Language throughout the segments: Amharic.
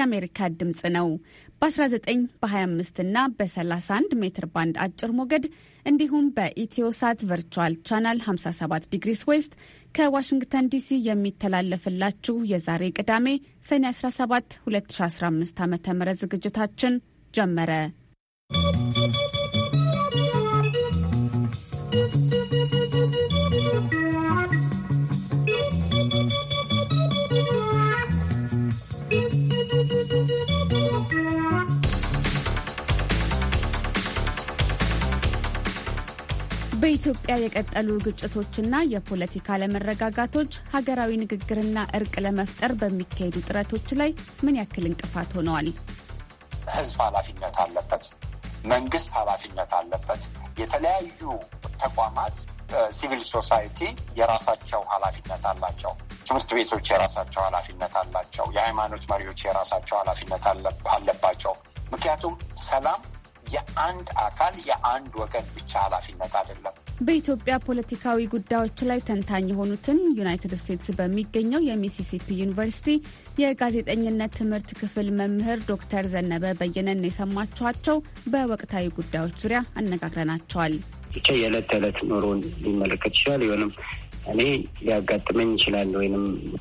የአሜሪካ ድምፅ ነው። በ19 በ25 እና በ31 ሜትር ባንድ አጭር ሞገድ እንዲሁም በኢትዮሳት ቨርቹዋል ቻናል 57 ዲግሪስ ዌስት ከዋሽንግተን ዲሲ የሚተላለፍላችሁ የዛሬ ቅዳሜ ሰኔ 17 2015 ዓ ም ዝግጅታችን ጀመረ። በኢትዮጵያ የቀጠሉ ግጭቶችና የፖለቲካ አለመረጋጋቶች ሀገራዊ ንግግርና እርቅ ለመፍጠር በሚካሄዱ ጥረቶች ላይ ምን ያክል እንቅፋት ሆነዋል? ህዝብ ኃላፊነት አለበት። መንግስት ኃላፊነት አለበት። የተለያዩ ተቋማት ሲቪል ሶሳይቲ የራሳቸው ኃላፊነት አላቸው። ትምህርት ቤቶች የራሳቸው ኃላፊነት አላቸው። የሃይማኖት መሪዎች የራሳቸው ኃላፊነት አለባቸው። ምክንያቱም ሰላም የአንድ አካል የአንድ ወገን ብቻ ኃላፊነት አይደለም። በኢትዮጵያ ፖለቲካዊ ጉዳዮች ላይ ተንታኝ የሆኑትን ዩናይትድ ስቴትስ በሚገኘው የሚሲሲፒ ዩኒቨርሲቲ የጋዜጠኝነት ትምህርት ክፍል መምህር ዶክተር ዘነበ በየነን የሰማችኋቸው። በወቅታዊ ጉዳዮች ዙሪያ አነጋግረናቸዋል። ብቻ የዕለት ተዕለት ኑሮን ሊመለከት ይችላል ይሆንም እኔ ሊያጋጥመኝ ይችላል ወይም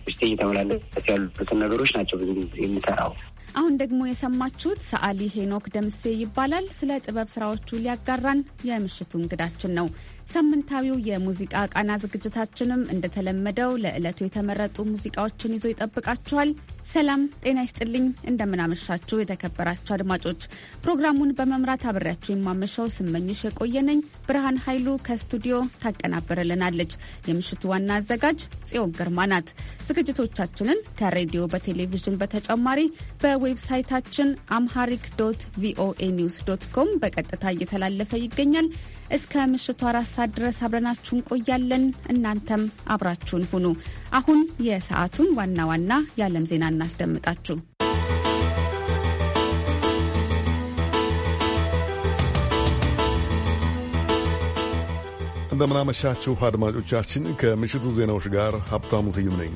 ውስጥ እየተመላለስ ያሉትን ነገሮች ናቸው ብዙ ጊዜ የምሰራው። አሁን ደግሞ የሰማችሁት ሰዓሊ ሄኖክ ደምሴ ይባላል። ስለ ጥበብ ስራዎቹ ሊያጋራን የምሽቱ እንግዳችን ነው። ሳምንታዊው የሙዚቃ ቃና ዝግጅታችንም እንደተለመደው ለዕለቱ የተመረጡ ሙዚቃዎችን ይዞ ይጠብቃችኋል። ሰላም ጤና ይስጥልኝ። እንደምናመሻችሁ የተከበራችሁ አድማጮች፣ ፕሮግራሙን በመምራት አብሬያችሁ የማመሻው ስመኝሽ የቆየነኝ። ብርሃን ኃይሉ ከስቱዲዮ ታቀናበረልናለች። የምሽቱ ዋና አዘጋጅ ጽዮን ግርማ ናት። ዝግጅቶቻችንን ከሬዲዮ በቴሌቪዥን በተጨማሪ በዌብሳይታችን አምሃሪክ ዶት ቪኦኤ ኒውስ ዶት ኮም በቀጥታ እየተላለፈ ይገኛል። እስከ ምሽቱ አራት ሰዓት ድረስ አብረናችሁ እንቆያለን። እናንተም አብራችሁን ሁኑ። አሁን የሰዓቱን ዋና ዋና የዓለም ዜና እናስደምጣችሁ። እንደምናመሻችሁ አድማጮቻችን፣ ከምሽቱ ዜናዎች ጋር ሀብታሙ ስዩም ነኝ።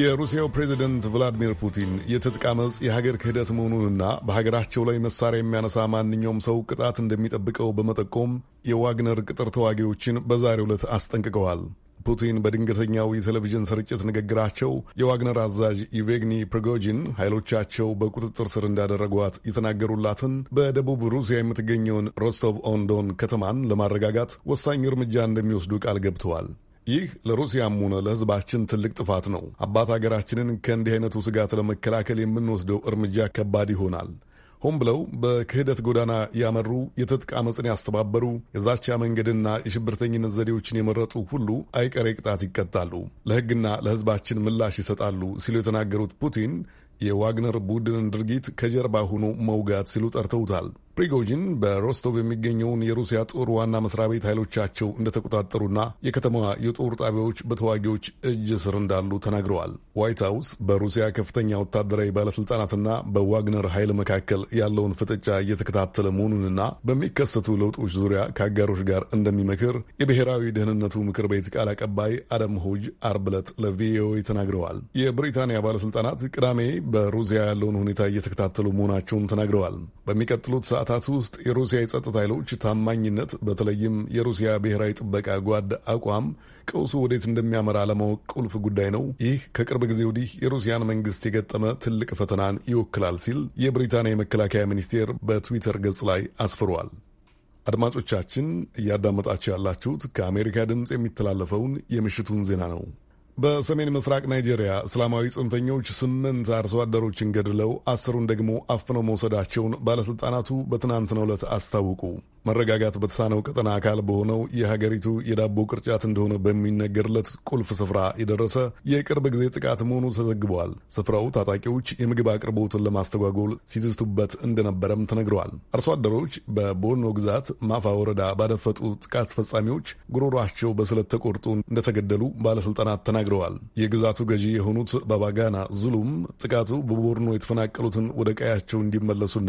የሩሲያው ፕሬዚደንት ቭላዲሚር ፑቲን የትጥቅ አመፅ የሀገር ክህደት መሆኑንና በሀገራቸው ላይ መሳሪያ የሚያነሳ ማንኛውም ሰው ቅጣት እንደሚጠብቀው በመጠቆም የዋግነር ቅጥር ተዋጊዎችን በዛሬው ዕለት አስጠንቅቀዋል። ፑቲን በድንገተኛው የቴሌቪዥን ስርጭት ንግግራቸው የዋግነር አዛዥ ኢቬግኒ ፕሪጎጂን ኃይሎቻቸው በቁጥጥር ስር እንዳደረጓት የተናገሩላትን በደቡብ ሩሲያ የምትገኘውን ሮስቶቭ ኦንዶን ከተማን ለማረጋጋት ወሳኝ እርምጃ እንደሚወስዱ ቃል ገብተዋል። ይህ ለሩሲያም ሆነ ለህዝባችን ትልቅ ጥፋት ነው። አባት ሀገራችንን ከእንዲህ አይነቱ ስጋት ለመከላከል የምንወስደው እርምጃ ከባድ ይሆናል። ሆን ብለው በክህደት ጎዳና ያመሩ የትጥቅ አመፅን ያስተባበሩ የዛቻ መንገድና የሽብርተኝነት ዘዴዎችን የመረጡ ሁሉ አይቀሬ ቅጣት ይቀጣሉ፣ ለህግና ለህዝባችን ምላሽ ይሰጣሉ ሲሉ የተናገሩት ፑቲን የዋግነር ቡድንን ድርጊት ከጀርባ ሆኖ መውጋት ሲሉ ጠርተውታል። ፕሪጎጂን በሮስቶቭ የሚገኘውን የሩሲያ ጦር ዋና መስሪያ ቤት ኃይሎቻቸው እንደተቆጣጠሩና የከተማዋ የጦር ጣቢያዎች በተዋጊዎች እጅ ስር እንዳሉ ተናግረዋል። ዋይት ሀውስ በሩሲያ ከፍተኛ ወታደራዊ ባለስልጣናትና በዋግነር ኃይል መካከል ያለውን ፍጥጫ እየተከታተለ መሆኑንና በሚከሰቱ ለውጦች ዙሪያ ከአጋሮች ጋር እንደሚመክር የብሔራዊ ደህንነቱ ምክር ቤት ቃል አቀባይ አደም ሆጅ አርብ ዕለት ለቪኦኤ ተናግረዋል። የብሪታንያ ባለስልጣናት ቅዳሜ በሩሲያ ያለውን ሁኔታ እየተከታተሉ መሆናቸውን ተናግረዋል። በሚቀጥሉት ሰዓታት ውስጥ የሩሲያ የጸጥታ ኃይሎች ታማኝነት፣ በተለይም የሩሲያ ብሔራዊ ጥበቃ ጓድ አቋም ቀውሱ ወዴት እንደሚያመራ ለማወቅ ቁልፍ ጉዳይ ነው። ይህ ከቅርብ ከቅርብ ጊዜ ወዲህ የሩሲያን መንግስት የገጠመ ትልቅ ፈተናን ይወክላል ሲል የብሪታንያ የመከላከያ ሚኒስቴር በትዊተር ገጽ ላይ አስፍሯል። አድማጮቻችን እያዳመጣችሁ ያላችሁት ከአሜሪካ ድምፅ የሚተላለፈውን የምሽቱን ዜና ነው። በሰሜን ምስራቅ ናይጄሪያ እስላማዊ ጽንፈኞች ስምንት አርሶ አደሮችን ገድለው አስሩን ደግሞ አፍነው መውሰዳቸውን ባለሥልጣናቱ በትናንትናው ዕለት አስታውቁ። መረጋጋት በተሳነው ቀጠና አካል በሆነው የሀገሪቱ የዳቦ ቅርጫት እንደሆነ በሚነገርለት ቁልፍ ስፍራ የደረሰ የቅርብ ጊዜ ጥቃት መሆኑ ተዘግበዋል። ስፍራው ታጣቂዎች የምግብ አቅርቦትን ለማስተጓጎል ሲዝቱበት እንደነበረም ተነግረዋል። አርሶ አደሮች በቦርኖ ግዛት ማፋ ወረዳ ባደፈጡ ጥቃት ፈጻሚዎች ጉሮሯቸው በስለት ተቆርጦ እንደተገደሉ ባለስልጣናት ተናግረዋል። የግዛቱ ገዢ የሆኑት ባባጋና ዙሉም ጥቃቱ በቦርኖ የተፈናቀሉትን ወደ ቀያቸው እንዲመለሱና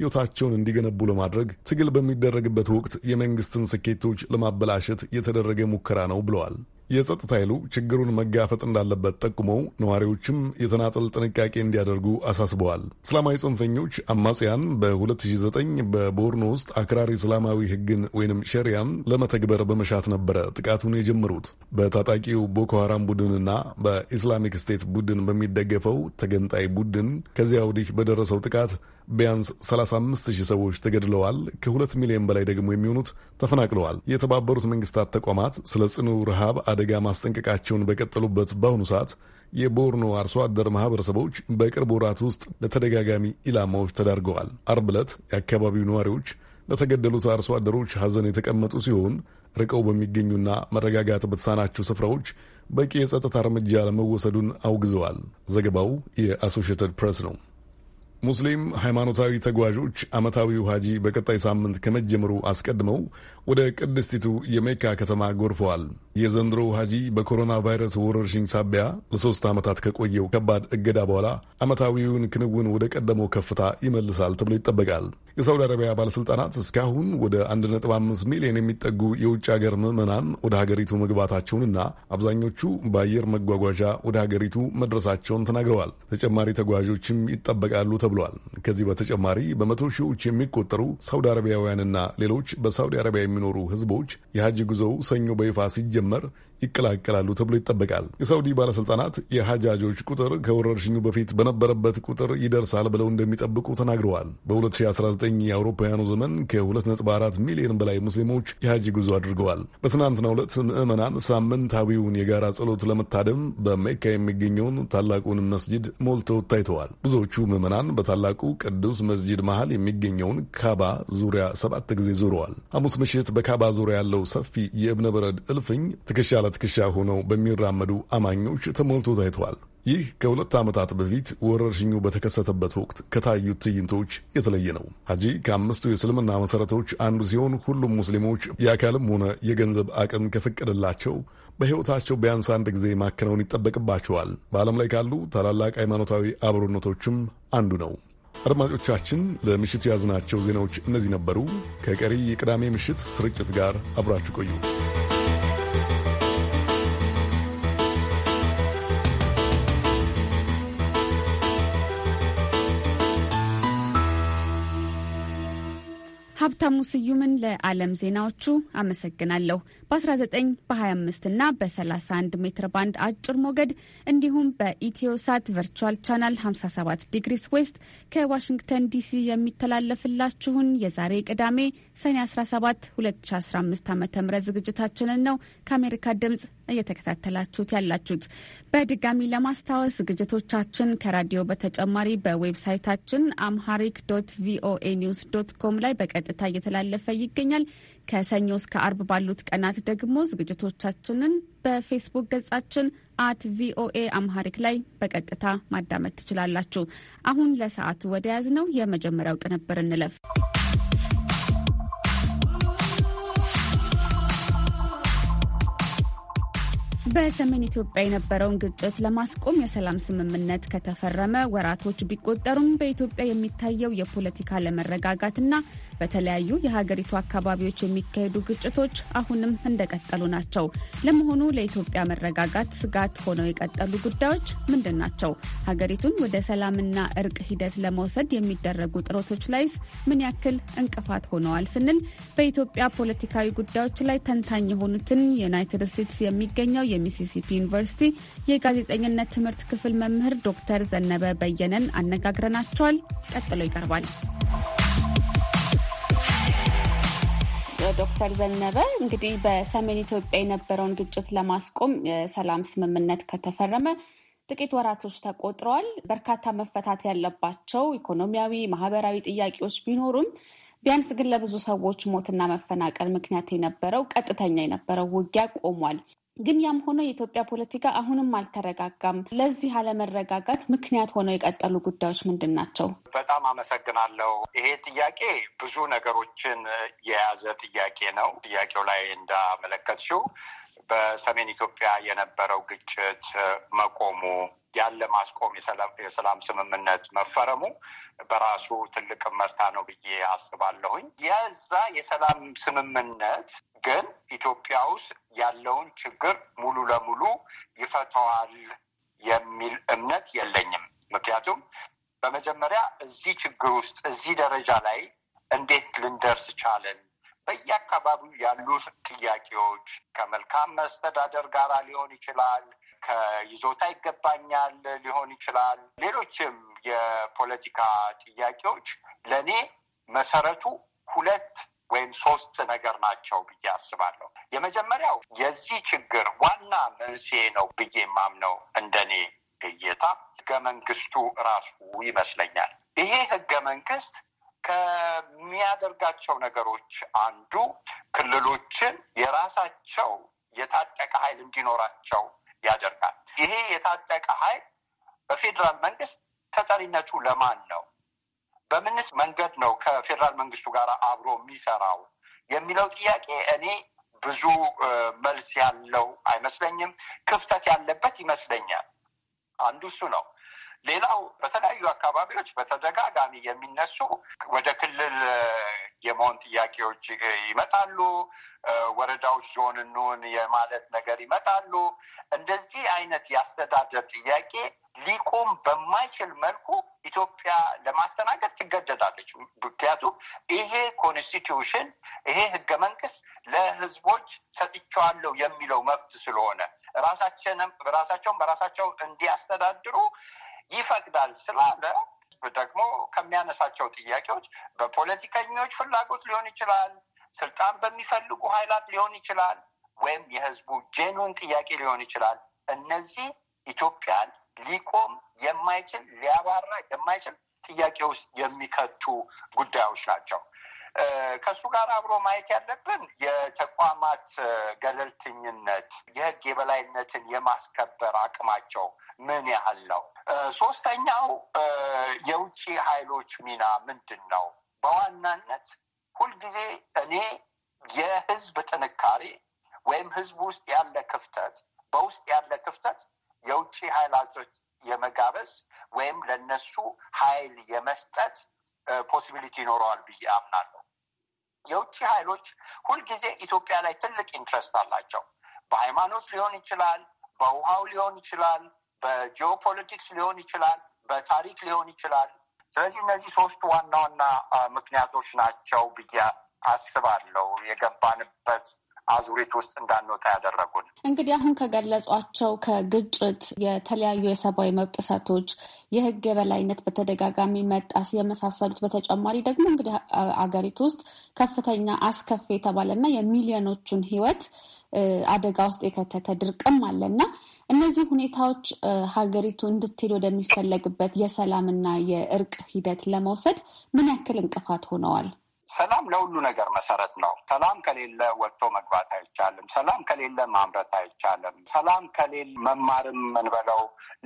ሕይወታቸውን እንዲገነቡ ለማድረግ ትግል በሚደረግበት ወቅት የመንግስትን ስኬቶች ለማበላሸት የተደረገ ሙከራ ነው ብለዋል። የጸጥታ ኃይሉ ችግሩን መጋፈጥ እንዳለበት ጠቁመው ነዋሪዎችም የተናጠል ጥንቃቄ እንዲያደርጉ አሳስበዋል። እስላማዊ ጽንፈኞች አማጽያን በ2009 በቦርኖ ውስጥ አክራሪ እስላማዊ ሕግን ወይንም ሸሪያን ለመተግበር በመሻት ነበረ ጥቃቱን የጀመሩት። በታጣቂው ቦኮ ቡድንና በኢስላሚክ ስቴት ቡድን በሚደገፈው ተገንጣይ ቡድን ከዚያ ወዲህ በደረሰው ጥቃት ቢያንስ 35 ሺህ ሰዎች ተገድለዋል፣ ከሁለት ሚሊዮን በላይ ደግሞ የሚሆኑት ተፈናቅለዋል። የተባበሩት መንግስታት ተቋማት ስለ ጽኑ ረሃብ አደጋ ማስጠንቀቃቸውን በቀጠሉበት በአሁኑ ሰዓት የቦርኖ አርሶ አደር ማህበረሰቦች በቅርብ ወራት ውስጥ ለተደጋጋሚ ኢላማዎች ተዳርገዋል። አርብ ዕለት የአካባቢው ነዋሪዎች ለተገደሉት አርሶ አደሮች ሐዘን የተቀመጡ ሲሆን ርቀው በሚገኙና መረጋጋት በተሳናቸው ስፍራዎች በቂ የጸጥታ እርምጃ ለመወሰዱን አውግዘዋል። ዘገባው የአሶሺየትድ ፕሬስ ነው። ሙስሊም ሃይማኖታዊ ተጓዦች ዓመታዊው ሀጂ በቀጣይ ሳምንት ከመጀመሩ አስቀድመው ወደ ቅድስቲቱ የሜካ ከተማ ጎርፈዋል። የዘንድሮ ሀጂ በኮሮና ቫይረስ ወረርሽኝ ሳቢያ ለሶስት ዓመታት ከቆየው ከባድ እገዳ በኋላ ዓመታዊውን ክንውን ወደ ቀደመው ከፍታ ይመልሳል ተብሎ ይጠበቃል። የሳውዲ አረቢያ ባለሥልጣናት እስካሁን ወደ 1.5 ሚሊዮን የሚጠጉ የውጭ ሀገር ምዕመናን ወደ ሀገሪቱ መግባታቸውንና አብዛኞቹ በአየር መጓጓዣ ወደ ሀገሪቱ መድረሳቸውን ተናግረዋል። ተጨማሪ ተጓዦችም ይጠበቃሉ ተብሏል። ከዚህ በተጨማሪ በመቶ ሺዎች የሚቆጠሩ ሳውዲ አረቢያውያንና ሌሎች በሳውዲ አረቢያ የሚኖሩ ህዝቦች የሐጅ ጉዞው ሰኞ በይፋ ሲጀመር ይቀላቀላሉ ተብሎ ይጠበቃል። የሳውዲ ባለስልጣናት የሀጃጆች ቁጥር ከወረርሽኙ በፊት በነበረበት ቁጥር ይደርሳል ብለው እንደሚጠብቁ ተናግረዋል። በ2019 የአውሮፓውያኑ ዘመን ከ2.4 ሚሊዮን በላይ ሙስሊሞች የሀጂ ጉዞ አድርገዋል። በትናንትናው ዕለት ምዕመናን ሳምንታዊውን የጋራ ጸሎት ለመታደም በሜካ የሚገኘውን ታላቁን መስጅድ ሞልተው ታይተዋል። ብዙዎቹ ምዕመናን በታላቁ ቅዱስ መስጅድ መሃል የሚገኘውን ካባ ዙሪያ ሰባት ጊዜ ዞረዋል። ሐሙስ ምሽት በካባ ዙሪያ ያለው ሰፊ የእብነ በረድ እልፍኝ ትከሻለ ትከሻ ሆነው በሚራመዱ አማኞች ተሞልቶ ታይተዋል። ይህ ከሁለት ዓመታት በፊት ወረርሽኙ በተከሰተበት ወቅት ከታዩት ትዕይንቶች የተለየ ነው። ሐጂ ከአምስቱ የእስልምና መሠረቶች አንዱ ሲሆን ሁሉም ሙስሊሞች የአካልም ሆነ የገንዘብ አቅም ከፈቀደላቸው በሕይወታቸው ቢያንስ አንድ ጊዜ ማከናወን ይጠበቅባቸዋል። በዓለም ላይ ካሉ ታላላቅ ሃይማኖታዊ አብሮነቶችም አንዱ ነው። አድማጮቻችን፣ ለምሽቱ የያዝናቸው ዜናዎች እነዚህ ነበሩ። ከቀሪ የቅዳሜ ምሽት ስርጭት ጋር አብራችሁ ቆዩ። ሀብታሙ ስዩምን ለዓለም ዜናዎቹ አመሰግናለሁ። በ19 በ25 እና በ31 ሜትር ባንድ አጭር ሞገድ እንዲሁም በኢትዮሳት ቨርቹዋል ቻናል 57 ዲግሪስ ዌስት ከዋሽንግተን ዲሲ የሚተላለፍላችሁን የዛሬ ቅዳሜ ሰኔ 17 2015 ዓ ም ዝግጅታችንን ነው ከአሜሪካ ድምጽ እየተከታተላችሁት ያላችሁት። በድጋሚ ለማስታወስ ዝግጅቶቻችን ከራዲዮ በተጨማሪ በዌብሳይታችን አምሃሪክ ዶት ቪኦኤ ኒውስ ዶት ኮም ላይ በቀጥታ እየተላለፈ ይገኛል። ከሰኞ እስከ አርብ ባሉት ቀናት ደግሞ ዝግጅቶቻችንን በፌስቡክ ገጻችን አት ቪኦኤ አምሃሪክ ላይ በቀጥታ ማዳመጥ ትችላላችሁ። አሁን ለሰዓቱ ወደ ያዝ ነው የመጀመሪያው ቅንብር እንለፍ። በሰሜን ኢትዮጵያ የነበረውን ግጭት ለማስቆም የሰላም ስምምነት ከተፈረመ ወራቶች ቢቆጠሩም በኢትዮጵያ የሚታየው የፖለቲካ ለመረጋጋትና በተለያዩ የሀገሪቱ አካባቢዎች የሚካሄዱ ግጭቶች አሁንም እንደቀጠሉ ናቸው። ለመሆኑ ለኢትዮጵያ መረጋጋት ስጋት ሆነው የቀጠሉ ጉዳዮች ምንድን ናቸው? ሀገሪቱን ወደ ሰላምና እርቅ ሂደት ለመውሰድ የሚደረጉ ጥረቶች ላይስ ምን ያክል እንቅፋት ሆነዋል? ስንል በኢትዮጵያ ፖለቲካዊ ጉዳዮች ላይ ተንታኝ የሆኑትን ዩናይትድ ስቴትስ የሚገኘው የሚሲሲፒ ዩኒቨርሲቲ የጋዜጠኝነት ትምህርት ክፍል መምህር ዶክተር ዘነበ በየነን አነጋግረናቸዋል። ቀጥሎ ይቀርባል። ዶክተር ዘነበ እንግዲህ በሰሜን ኢትዮጵያ የነበረውን ግጭት ለማስቆም የሰላም ስምምነት ከተፈረመ ጥቂት ወራቶች ተቆጥረዋል። በርካታ መፈታት ያለባቸው ኢኮኖሚያዊ፣ ማህበራዊ ጥያቄዎች ቢኖሩም ቢያንስ ግን ለብዙ ሰዎች ሞትና መፈናቀል ምክንያት የነበረው ቀጥተኛ የነበረው ውጊያ ቆሟል። ግን ያም ሆኖ የኢትዮጵያ ፖለቲካ አሁንም አልተረጋጋም። ለዚህ አለመረጋጋት ምክንያት ሆነው የቀጠሉ ጉዳዮች ምንድን ናቸው? በጣም አመሰግናለሁ። ይሄ ጥያቄ ብዙ ነገሮችን የያዘ ጥያቄ ነው። ጥያቄው ላይ እንዳመለከትሽው በሰሜን ኢትዮጵያ የነበረው ግጭት መቆሙ ያለ ማስቆም የሰላም ስምምነት መፈረሙ በራሱ ትልቅ መርታ ነው ብዬ አስባለሁኝ። የዛ የሰላም ስምምነት ግን ኢትዮጵያ ውስጥ ያለውን ችግር ሙሉ ለሙሉ ይፈተዋል የሚል እምነት የለኝም። ምክንያቱም በመጀመሪያ እዚህ ችግር ውስጥ እዚህ ደረጃ ላይ እንዴት ልንደርስ ቻለን በየአካባቢው ያሉት ጥያቄዎች ከመልካም መስተዳደር ጋር ሊሆን ይችላል፣ ከይዞታ ይገባኛል ሊሆን ይችላል፣ ሌሎችም የፖለቲካ ጥያቄዎች ለእኔ መሰረቱ ሁለት ወይም ሶስት ነገር ናቸው ብዬ አስባለሁ። የመጀመሪያው የዚህ ችግር ዋና መንስኤ ነው ብዬ ማምነው እንደኔ እይታ ህገ መንግስቱ ራሱ ይመስለኛል። ይሄ ህገ መንግስት ከሚያደርጋቸው ነገሮች አንዱ ክልሎችን የራሳቸው የታጠቀ ኃይል እንዲኖራቸው ያደርጋል። ይሄ የታጠቀ ኃይል በፌዴራል መንግስት ተጠሪነቱ ለማን ነው? በምንስ መንገድ ነው ከፌዴራል መንግስቱ ጋር አብሮ የሚሰራው የሚለው ጥያቄ እኔ ብዙ መልስ ያለው አይመስለኝም። ክፍተት ያለበት ይመስለኛል። አንዱ እሱ ነው። ሌላው በተለያዩ አካባቢዎች በተደጋጋሚ የሚነሱ ወደ ክልል የመሆን ጥያቄዎች ይመጣሉ። ወረዳዎች ዞን የማለት ነገር ይመጣሉ። እንደዚህ አይነት የአስተዳደር ጥያቄ ሊቆም በማይችል መልኩ ኢትዮጵያ ለማስተናገድ ትገደዳለች። ምክንያቱም ይሄ ኮንስቲትዩሽን ይሄ ህገ መንግስት ለህዝቦች ሰጥቼዋለሁ የሚለው መብት ስለሆነ ራሳቸውን በራሳቸው እንዲያስተዳድሩ ይፈቅዳል ስላለ ደግሞ ከሚያነሳቸው ጥያቄዎች በፖለቲከኞች ፍላጎት ሊሆን ይችላል፣ ስልጣን በሚፈልጉ ኃይላት ሊሆን ይችላል፣ ወይም የህዝቡ ጄኑን ጥያቄ ሊሆን ይችላል። እነዚህ ኢትዮጵያን ሊቆም የማይችል ሊያባራ የማይችል ጥያቄ ውስጥ የሚከቱ ጉዳዮች ናቸው። ከእሱ ጋር አብሮ ማየት ያለብን የተቋማት ገለልተኝነት፣ የህግ የበላይነትን የማስከበር አቅማቸው ምን ያህል ነው? ሶስተኛው የውጭ ኃይሎች ሚና ምንድን ነው? በዋናነት ሁልጊዜ እኔ የህዝብ ጥንካሬ ወይም ህዝብ ውስጥ ያለ ክፍተት በውስጥ ያለ ክፍተት የውጭ ኃይላቶች የመጋበዝ ወይም ለነሱ ኃይል የመስጠት ፖሲቢሊቲ ይኖረዋል ብዬ አምናለሁ። የውጭ ኃይሎች ሁልጊዜ ኢትዮጵያ ላይ ትልቅ ኢንትረስት አላቸው። በሃይማኖት ሊሆን ይችላል፣ በውሃው ሊሆን ይችላል፣ በጂኦፖለቲክስ ሊሆን ይችላል፣ በታሪክ ሊሆን ይችላል። ስለዚህ እነዚህ ሶስቱ ዋና ዋና ምክንያቶች ናቸው ብዬ አስባለሁ የገባንበት አዙሪት ውስጥ እንዳንወጣ ያደረጉን። እንግዲህ አሁን ከገለጿቸው ከግጭት፣ የተለያዩ የሰብአዊ መብት ጥሰቶች፣ የህግ የበላይነት በተደጋጋሚ መጣስ የመሳሰሉት በተጨማሪ ደግሞ እንግዲህ አገሪቱ ውስጥ ከፍተኛ አስከፊ የተባለና የሚሊዮኖቹን ህይወት አደጋ ውስጥ የከተተ ድርቅም አለና እነዚህ ሁኔታዎች ሀገሪቱ እንድትሄድ ወደሚፈለግበት የሰላምና የእርቅ ሂደት ለመውሰድ ምን ያክል እንቅፋት ሆነዋል? ሰላም ለሁሉ ነገር መሰረት ነው። ሰላም ከሌለ ወጥቶ መግባት አይቻልም። ሰላም ከሌለ ማምረት አይቻልም። ሰላም ከሌለ መማርም እንበለው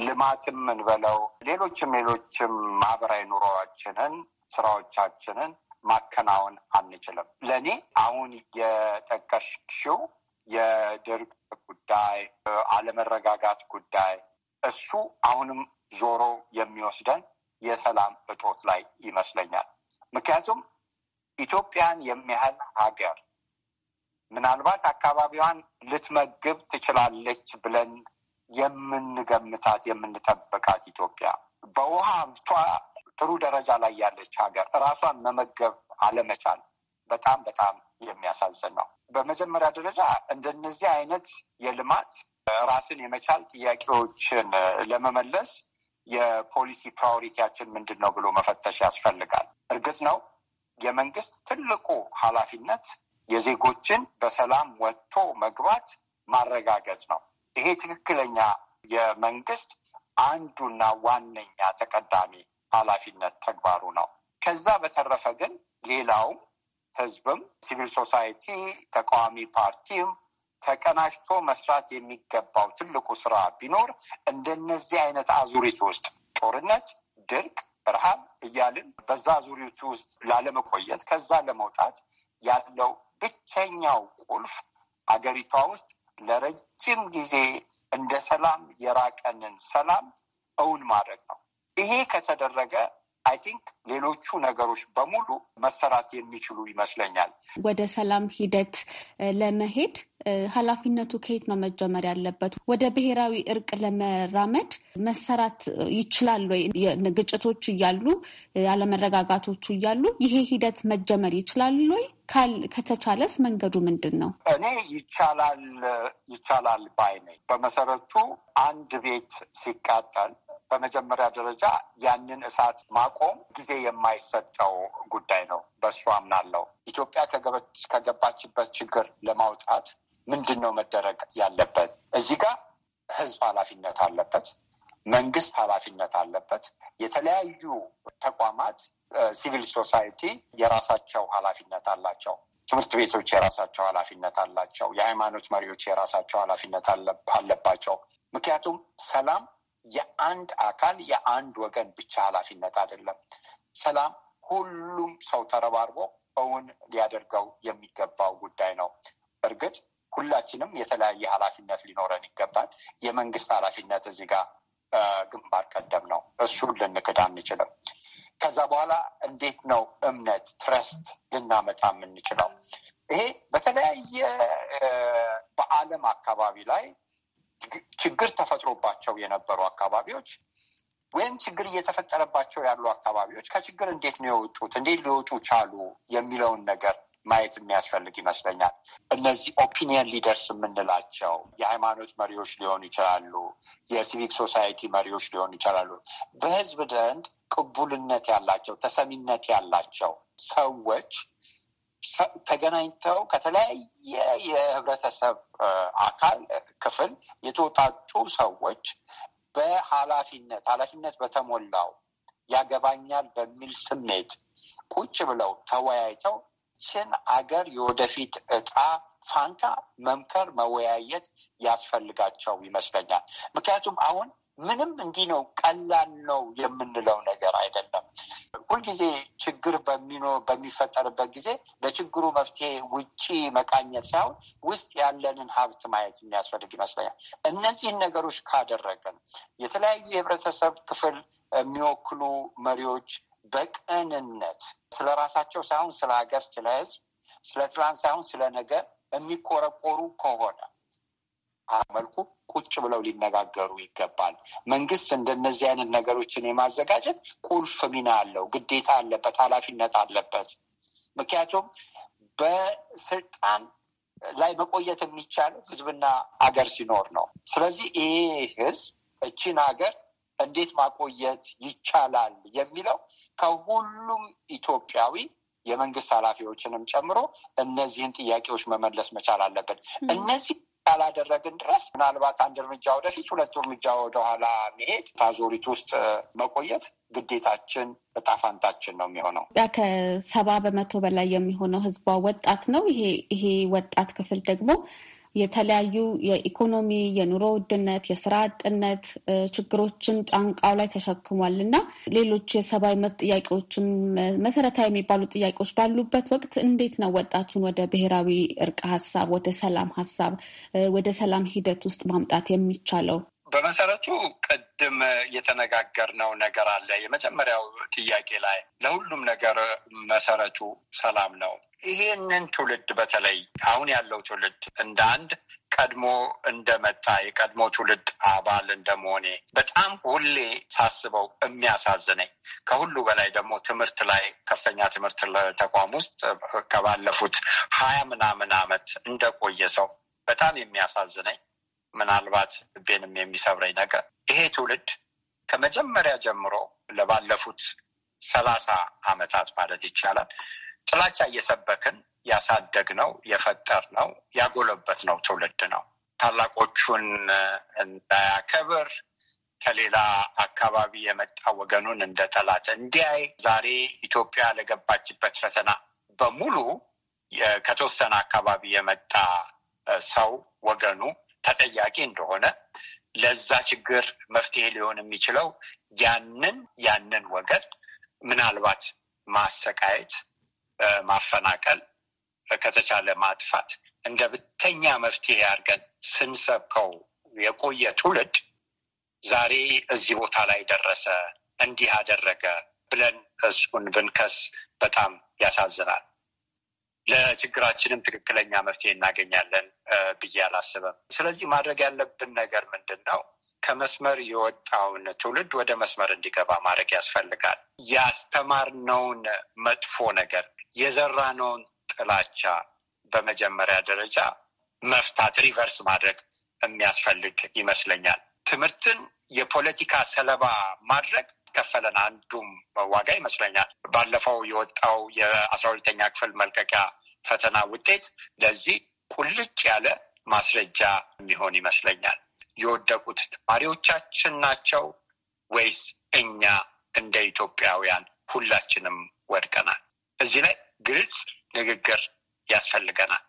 ልማትም እንበለው ሌሎችም ሌሎችም ማህበራዊ ኑሮዎችንን ስራዎቻችንን ማከናወን አንችልም። ለእኔ አሁን የጠቀሽው የድርቅ ጉዳይ፣ አለመረጋጋት ጉዳይ እሱ አሁንም ዞሮ የሚወስደን የሰላም እጦት ላይ ይመስለኛል። ምክንያቱም ኢትዮጵያን የሚያህል ሀገር ምናልባት አካባቢዋን ልትመግብ ትችላለች ብለን የምንገምታት የምንጠብቃት ኢትዮጵያ በውሃ ሀብቷ ጥሩ ደረጃ ላይ ያለች ሀገር ራሷን መመገብ አለመቻል በጣም በጣም የሚያሳዝን ነው። በመጀመሪያ ደረጃ እንደነዚህ አይነት የልማት ራስን የመቻል ጥያቄዎችን ለመመለስ የፖሊሲ ፕራዮሪቲያችን ምንድን ነው ብሎ መፈተሽ ያስፈልጋል። እርግጥ ነው የመንግስት ትልቁ ኃላፊነት የዜጎችን በሰላም ወጥቶ መግባት ማረጋገጥ ነው። ይሄ ትክክለኛ የመንግስት አንዱና ዋነኛ ተቀዳሚ ኃላፊነት ተግባሩ ነው። ከዛ በተረፈ ግን ሌላውም ህዝብም፣ ሲቪል ሶሳይቲ፣ ተቃዋሚ ፓርቲም ተቀናጅቶ መስራት የሚገባው ትልቁ ስራ ቢኖር እንደነዚህ አይነት አዙሪት ውስጥ ጦርነት፣ ድርቅ፣ ረሃብ እያልን በዛ ዙሪቱ ውስጥ ላለመቆየት ከዛ ለመውጣት ያለው ብቸኛው ቁልፍ አገሪቷ ውስጥ ለረጅም ጊዜ እንደ ሰላም የራቀንን ሰላም እውን ማድረግ ነው። ይሄ ከተደረገ አይ ቲንክ ሌሎቹ ነገሮች በሙሉ መሰራት የሚችሉ ይመስለኛል። ወደ ሰላም ሂደት ለመሄድ ኃላፊነቱ ከየት ነው መጀመር ያለበት? ወደ ብሔራዊ እርቅ ለመራመድ መሰራት ይችላል ወይ? ግጭቶች እያሉ አለመረጋጋቶቹ እያሉ ይሄ ሂደት መጀመር ይችላል ወይ? ከተቻለስ መንገዱ ምንድን ነው? እኔ ይቻላል ይቻላል ባይ ነኝ። በመሰረቱ አንድ ቤት ሲቃጠል በመጀመሪያ ደረጃ ያንን እሳት ማቆም ጊዜ የማይሰጠው ጉዳይ ነው። በሱ አምናለሁ። ኢትዮጵያ ከገባችበት ችግር ለማውጣት ምንድን ነው መደረግ ያለበት? እዚህ ጋር ህዝብ ኃላፊነት አለበት። መንግስት ኃላፊነት አለበት። የተለያዩ ተቋማት ሲቪል ሶሳይቲ የራሳቸው ኃላፊነት አላቸው። ትምህርት ቤቶች የራሳቸው ኃላፊነት አላቸው። የሃይማኖት መሪዎች የራሳቸው ኃላፊነት አለባቸው። ምክንያቱም ሰላም የአንድ አካል የአንድ ወገን ብቻ ኃላፊነት አይደለም። ሰላም ሁሉም ሰው ተረባርቦ እውን ሊያደርገው የሚገባው ጉዳይ ነው። እርግጥ ሁላችንም የተለያየ ኃላፊነት ሊኖረን ይገባል። የመንግስት ኃላፊነት እዚህ ጋር ግንባር ቀደም ነው። እሱን ልንክድ አንችልም። ከዛ በኋላ እንዴት ነው እምነት ትረስት ልናመጣ የምንችለው? ይሄ በተለያየ በዓለም አካባቢ ላይ ችግር ተፈጥሮባቸው የነበሩ አካባቢዎች ወይም ችግር እየተፈጠረባቸው ያሉ አካባቢዎች ከችግር እንዴት ነው የወጡት፣ እንዴት ሊወጡ ቻሉ የሚለውን ነገር ማየት የሚያስፈልግ ይመስለኛል። እነዚህ ኦፒኒየን ሊደርስ የምንላቸው የሃይማኖት መሪዎች ሊሆኑ ይችላሉ፣ የሲቪክ ሶሳይቲ መሪዎች ሊሆኑ ይችላሉ። በህዝብ ዘንድ ቅቡልነት ያላቸው ተሰሚነት ያላቸው ሰዎች ተገናኝተው ከተለያየ የህብረተሰብ አካል ክፍል የተወጣጡ ሰዎች በኃላፊነት ኃላፊነት በተሞላው ያገባኛል በሚል ስሜት ቁጭ ብለው ተወያይተው ችን አገር የወደፊት እጣ ፋንታ መምከር መወያየት ያስፈልጋቸው ይመስለኛል። ምክንያቱም አሁን ምንም እንዲህ ነው ቀላል ነው የምንለው ነገር አይደለም። ሁልጊዜ ችግር በሚኖ በሚፈጠርበት ጊዜ ለችግሩ መፍትሄ ውጪ መቃኘት ሳይሆን ውስጥ ያለንን ሀብት ማየት የሚያስፈልግ ይመስለኛል። እነዚህን ነገሮች ካደረግን የተለያዩ የህብረተሰብ ክፍል የሚወክሉ መሪዎች በቅንነት ስለ ራሳቸው ሳይሆን ስለ ሀገር፣ ስለ ህዝብ፣ ስለ ትላንት ሳይሆን ስለ ነገር የሚቆረቆሩ ከሆነ መልኩ ቁጭ ብለው ሊነጋገሩ ይገባል። መንግስት እንደነዚህ አይነት ነገሮችን የማዘጋጀት ቁልፍ ሚና አለው፣ ግዴታ አለበት፣ ኃላፊነት አለበት። ምክንያቱም በስልጣን ላይ መቆየት የሚቻለው ህዝብና አገር ሲኖር ነው። ስለዚህ ይሄ ህዝብ እቺን ሀገር እንዴት ማቆየት ይቻላል የሚለው ከሁሉም ኢትዮጵያዊ የመንግስት ኃላፊዎችንም ጨምሮ እነዚህን ጥያቄዎች መመለስ መቻል አለብን። እነዚህ ካላደረግን ድረስ ምናልባት አንድ እርምጃ ወደፊት ሁለቱ እርምጃ ወደኋላ መሄድ ታዞሪት ውስጥ መቆየት ግዴታችን እጣፋንታችን ነው የሚሆነው። ከሰባ በመቶ በላይ የሚሆነው ህዝቧ ወጣት ነው። ይሄ ወጣት ክፍል ደግሞ የተለያዩ የኢኮኖሚ የኑሮ ውድነት፣ የስራ አጥነት ችግሮችን ጫንቃው ላይ ተሸክሟል እና ሌሎች የሰብአዊ መብት ጥያቄዎችም መሰረታዊ የሚባሉ ጥያቄዎች ባሉበት ወቅት እንዴት ነው ወጣቱን ወደ ብሔራዊ እርቅ ሀሳብ፣ ወደ ሰላም ሀሳብ፣ ወደ ሰላም ሂደት ውስጥ ማምጣት የሚቻለው? በመሰረቱ ቅድም የተነጋገርነው ነገር አለ። የመጀመሪያው ጥያቄ ላይ ለሁሉም ነገር መሰረቱ ሰላም ነው። ይሄንን ትውልድ በተለይ አሁን ያለው ትውልድ እንደ አንድ ቀድሞ እንደመጣ የቀድሞ ትውልድ አባል እንደመሆኔ በጣም ሁሌ ሳስበው የሚያሳዝነኝ ከሁሉ በላይ ደግሞ ትምህርት ላይ ከፍተኛ ትምህርት ተቋም ውስጥ ከባለፉት ሀያ ምናምን ዓመት እንደቆየ ሰው በጣም የሚያሳዝነኝ ምናልባት ልቤንም የሚሰብረኝ ነገር ይሄ ትውልድ ከመጀመሪያ ጀምሮ ለባለፉት ሰላሳ ዓመታት ማለት ይቻላል ጥላቻ እየሰበክን ያሳደግነው ያጎለበት ያጎለበትነው ትውልድ ነው። ታላቆቹን እንዳያከብር ከሌላ አካባቢ የመጣ ወገኑን እንደ ጠላት እንዲያይ ዛሬ ኢትዮጵያ ለገባችበት ፈተና በሙሉ ከተወሰነ አካባቢ የመጣ ሰው ወገኑ ተጠያቂ እንደሆነ ለዛ ችግር መፍትሄ ሊሆን የሚችለው ያንን ያንን ወገን ምናልባት ማሰቃየት፣ ማፈናቀል፣ ከተቻለ ማጥፋት እንደ ብተኛ መፍትሄ አድርገን ስንሰብከው የቆየ ትውልድ ዛሬ እዚህ ቦታ ላይ ደረሰ፣ እንዲህ አደረገ ብለን እሱን ብንከስ በጣም ያሳዝናል። ለችግራችንም ትክክለኛ መፍትሄ እናገኛለን ብዬ አላስበም። ስለዚህ ማድረግ ያለብን ነገር ምንድን ነው? ከመስመር የወጣውን ትውልድ ወደ መስመር እንዲገባ ማድረግ ያስፈልጋል። ያስተማርነውን መጥፎ ነገር፣ የዘራነውን ጥላቻ በመጀመሪያ ደረጃ መፍታት፣ ሪቨርስ ማድረግ የሚያስፈልግ ይመስለኛል። ትምህርትን የፖለቲካ ሰለባ ማድረግ ያስከፈለን አንዱም ዋጋ ይመስለኛል። ባለፈው የወጣው የአስራ ሁለተኛ ክፍል መልቀቂያ ፈተና ውጤት ለዚህ ቁልጭ ያለ ማስረጃ የሚሆን ይመስለኛል። የወደቁት ተማሪዎቻችን ናቸው ወይስ እኛ እንደ ኢትዮጵያውያን ሁላችንም ወድቀናል? እዚህ ላይ ግልጽ ንግግር ያስፈልገናል።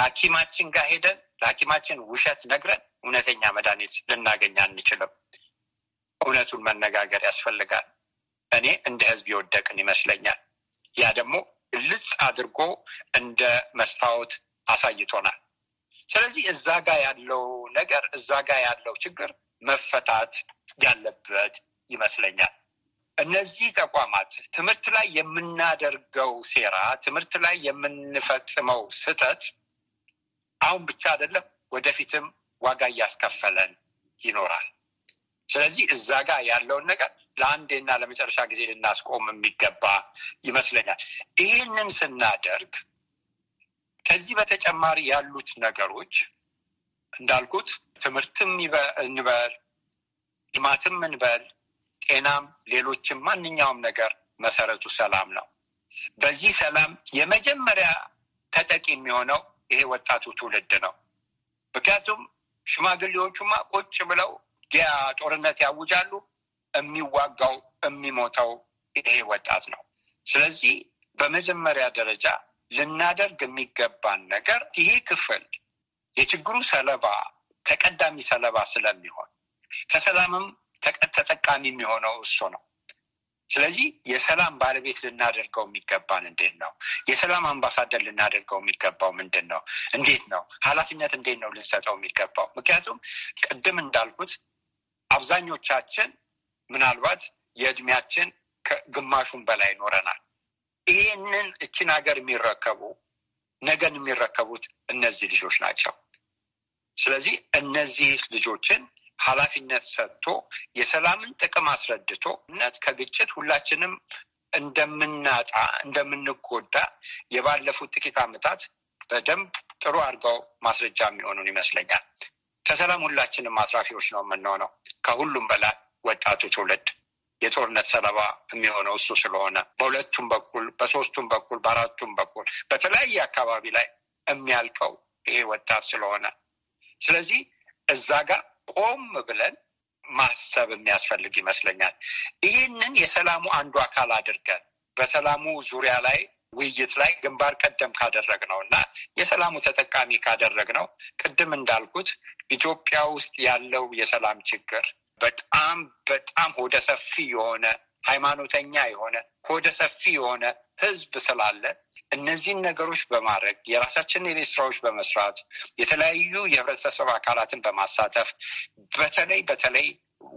ሀኪማችን ጋር ሄደን ለሀኪማችን ውሸት ነግረን እውነተኛ መድኃኒት ልናገኝ አንችልም። እውነቱን መነጋገር ያስፈልጋል። እኔ እንደ ህዝብ የወደቅን ይመስለኛል። ያ ደግሞ ልጽ አድርጎ እንደ መስታወት አሳይቶናል። ስለዚህ እዛ ጋ ያለው ነገር እዛ ጋ ያለው ችግር መፈታት ያለበት ይመስለኛል። እነዚህ ተቋማት ትምህርት ላይ የምናደርገው ሴራ፣ ትምህርት ላይ የምንፈጽመው ስህተት አሁን ብቻ አይደለም፣ ወደፊትም ዋጋ እያስከፈለን ይኖራል። ስለዚህ እዛ ጋር ያለውን ነገር ለአንዴና ለመጨረሻ ጊዜ ልናስቆም የሚገባ ይመስለኛል። ይህንን ስናደርግ ከዚህ በተጨማሪ ያሉት ነገሮች እንዳልኩት ትምህርትም እንበል፣ ልማትም እንበል፣ ጤናም፣ ሌሎችም ማንኛውም ነገር መሰረቱ ሰላም ነው። በዚህ ሰላም የመጀመሪያ ተጠቂ የሚሆነው ይሄ ወጣቱ ትውልድ ነው። ምክንያቱም ሽማግሌዎቹማ ቁጭ ብለው ውጊያ ጦርነት ያውጃሉ። የሚዋጋው የሚሞተው ይሄ ወጣት ነው። ስለዚህ በመጀመሪያ ደረጃ ልናደርግ የሚገባን ነገር ይሄ ክፍል የችግሩ ሰለባ ተቀዳሚ ሰለባ ስለሚሆን ከሰላምም ተጠቃሚ የሚሆነው እሱ ነው። ስለዚህ የሰላም ባለቤት ልናደርገው የሚገባን እንዴት ነው? የሰላም አምባሳደር ልናደርገው የሚገባው ምንድን ነው? እንዴት ነው? ኃላፊነት እንዴት ነው ልንሰጠው የሚገባው? ምክንያቱም ቅድም እንዳልኩት አብዛኞቻችን ምናልባት የእድሜያችን ከግማሹን በላይ ኖረናል። ይህንን እችን ሀገር የሚረከቡ ነገን የሚረከቡት እነዚህ ልጆች ናቸው። ስለዚህ እነዚህ ልጆችን ኃላፊነት ሰጥቶ የሰላምን ጥቅም አስረድቶ እነት ከግጭት ሁላችንም እንደምናጣ እንደምንጎዳ የባለፉት ጥቂት ዓመታት በደንብ ጥሩ አድርገው ማስረጃ የሚሆኑን ይመስለኛል። ከሰላም ሁላችንም አስራፊዎች ነው የምንሆነው። ከሁሉም በላይ ወጣቱ ትውልድ የጦርነት ሰለባ የሚሆነው እሱ ስለሆነ በሁለቱም በኩል በሶስቱም በኩል በአራቱም በኩል በተለያየ አካባቢ ላይ የሚያልቀው ይሄ ወጣት ስለሆነ ስለዚህ እዛ ጋር ቆም ብለን ማሰብ የሚያስፈልግ ይመስለኛል። ይህንን የሰላሙ አንዱ አካል አድርገን በሰላሙ ዙሪያ ላይ ውይይት ላይ ግንባር ቀደም ካደረግ ነው እና የሰላሙ ተጠቃሚ ካደረግ ነው ቅድም እንዳልኩት ኢትዮጵያ ውስጥ ያለው የሰላም ችግር በጣም በጣም ሆደ ሰፊ የሆነ ሃይማኖተኛ የሆነ ሆደ ሰፊ የሆነ ህዝብ ስላለ እነዚህን ነገሮች በማድረግ የራሳችንን የቤት ስራዎች በመስራት የተለያዩ የህብረተሰብ አካላትን በማሳተፍ በተለይ በተለይ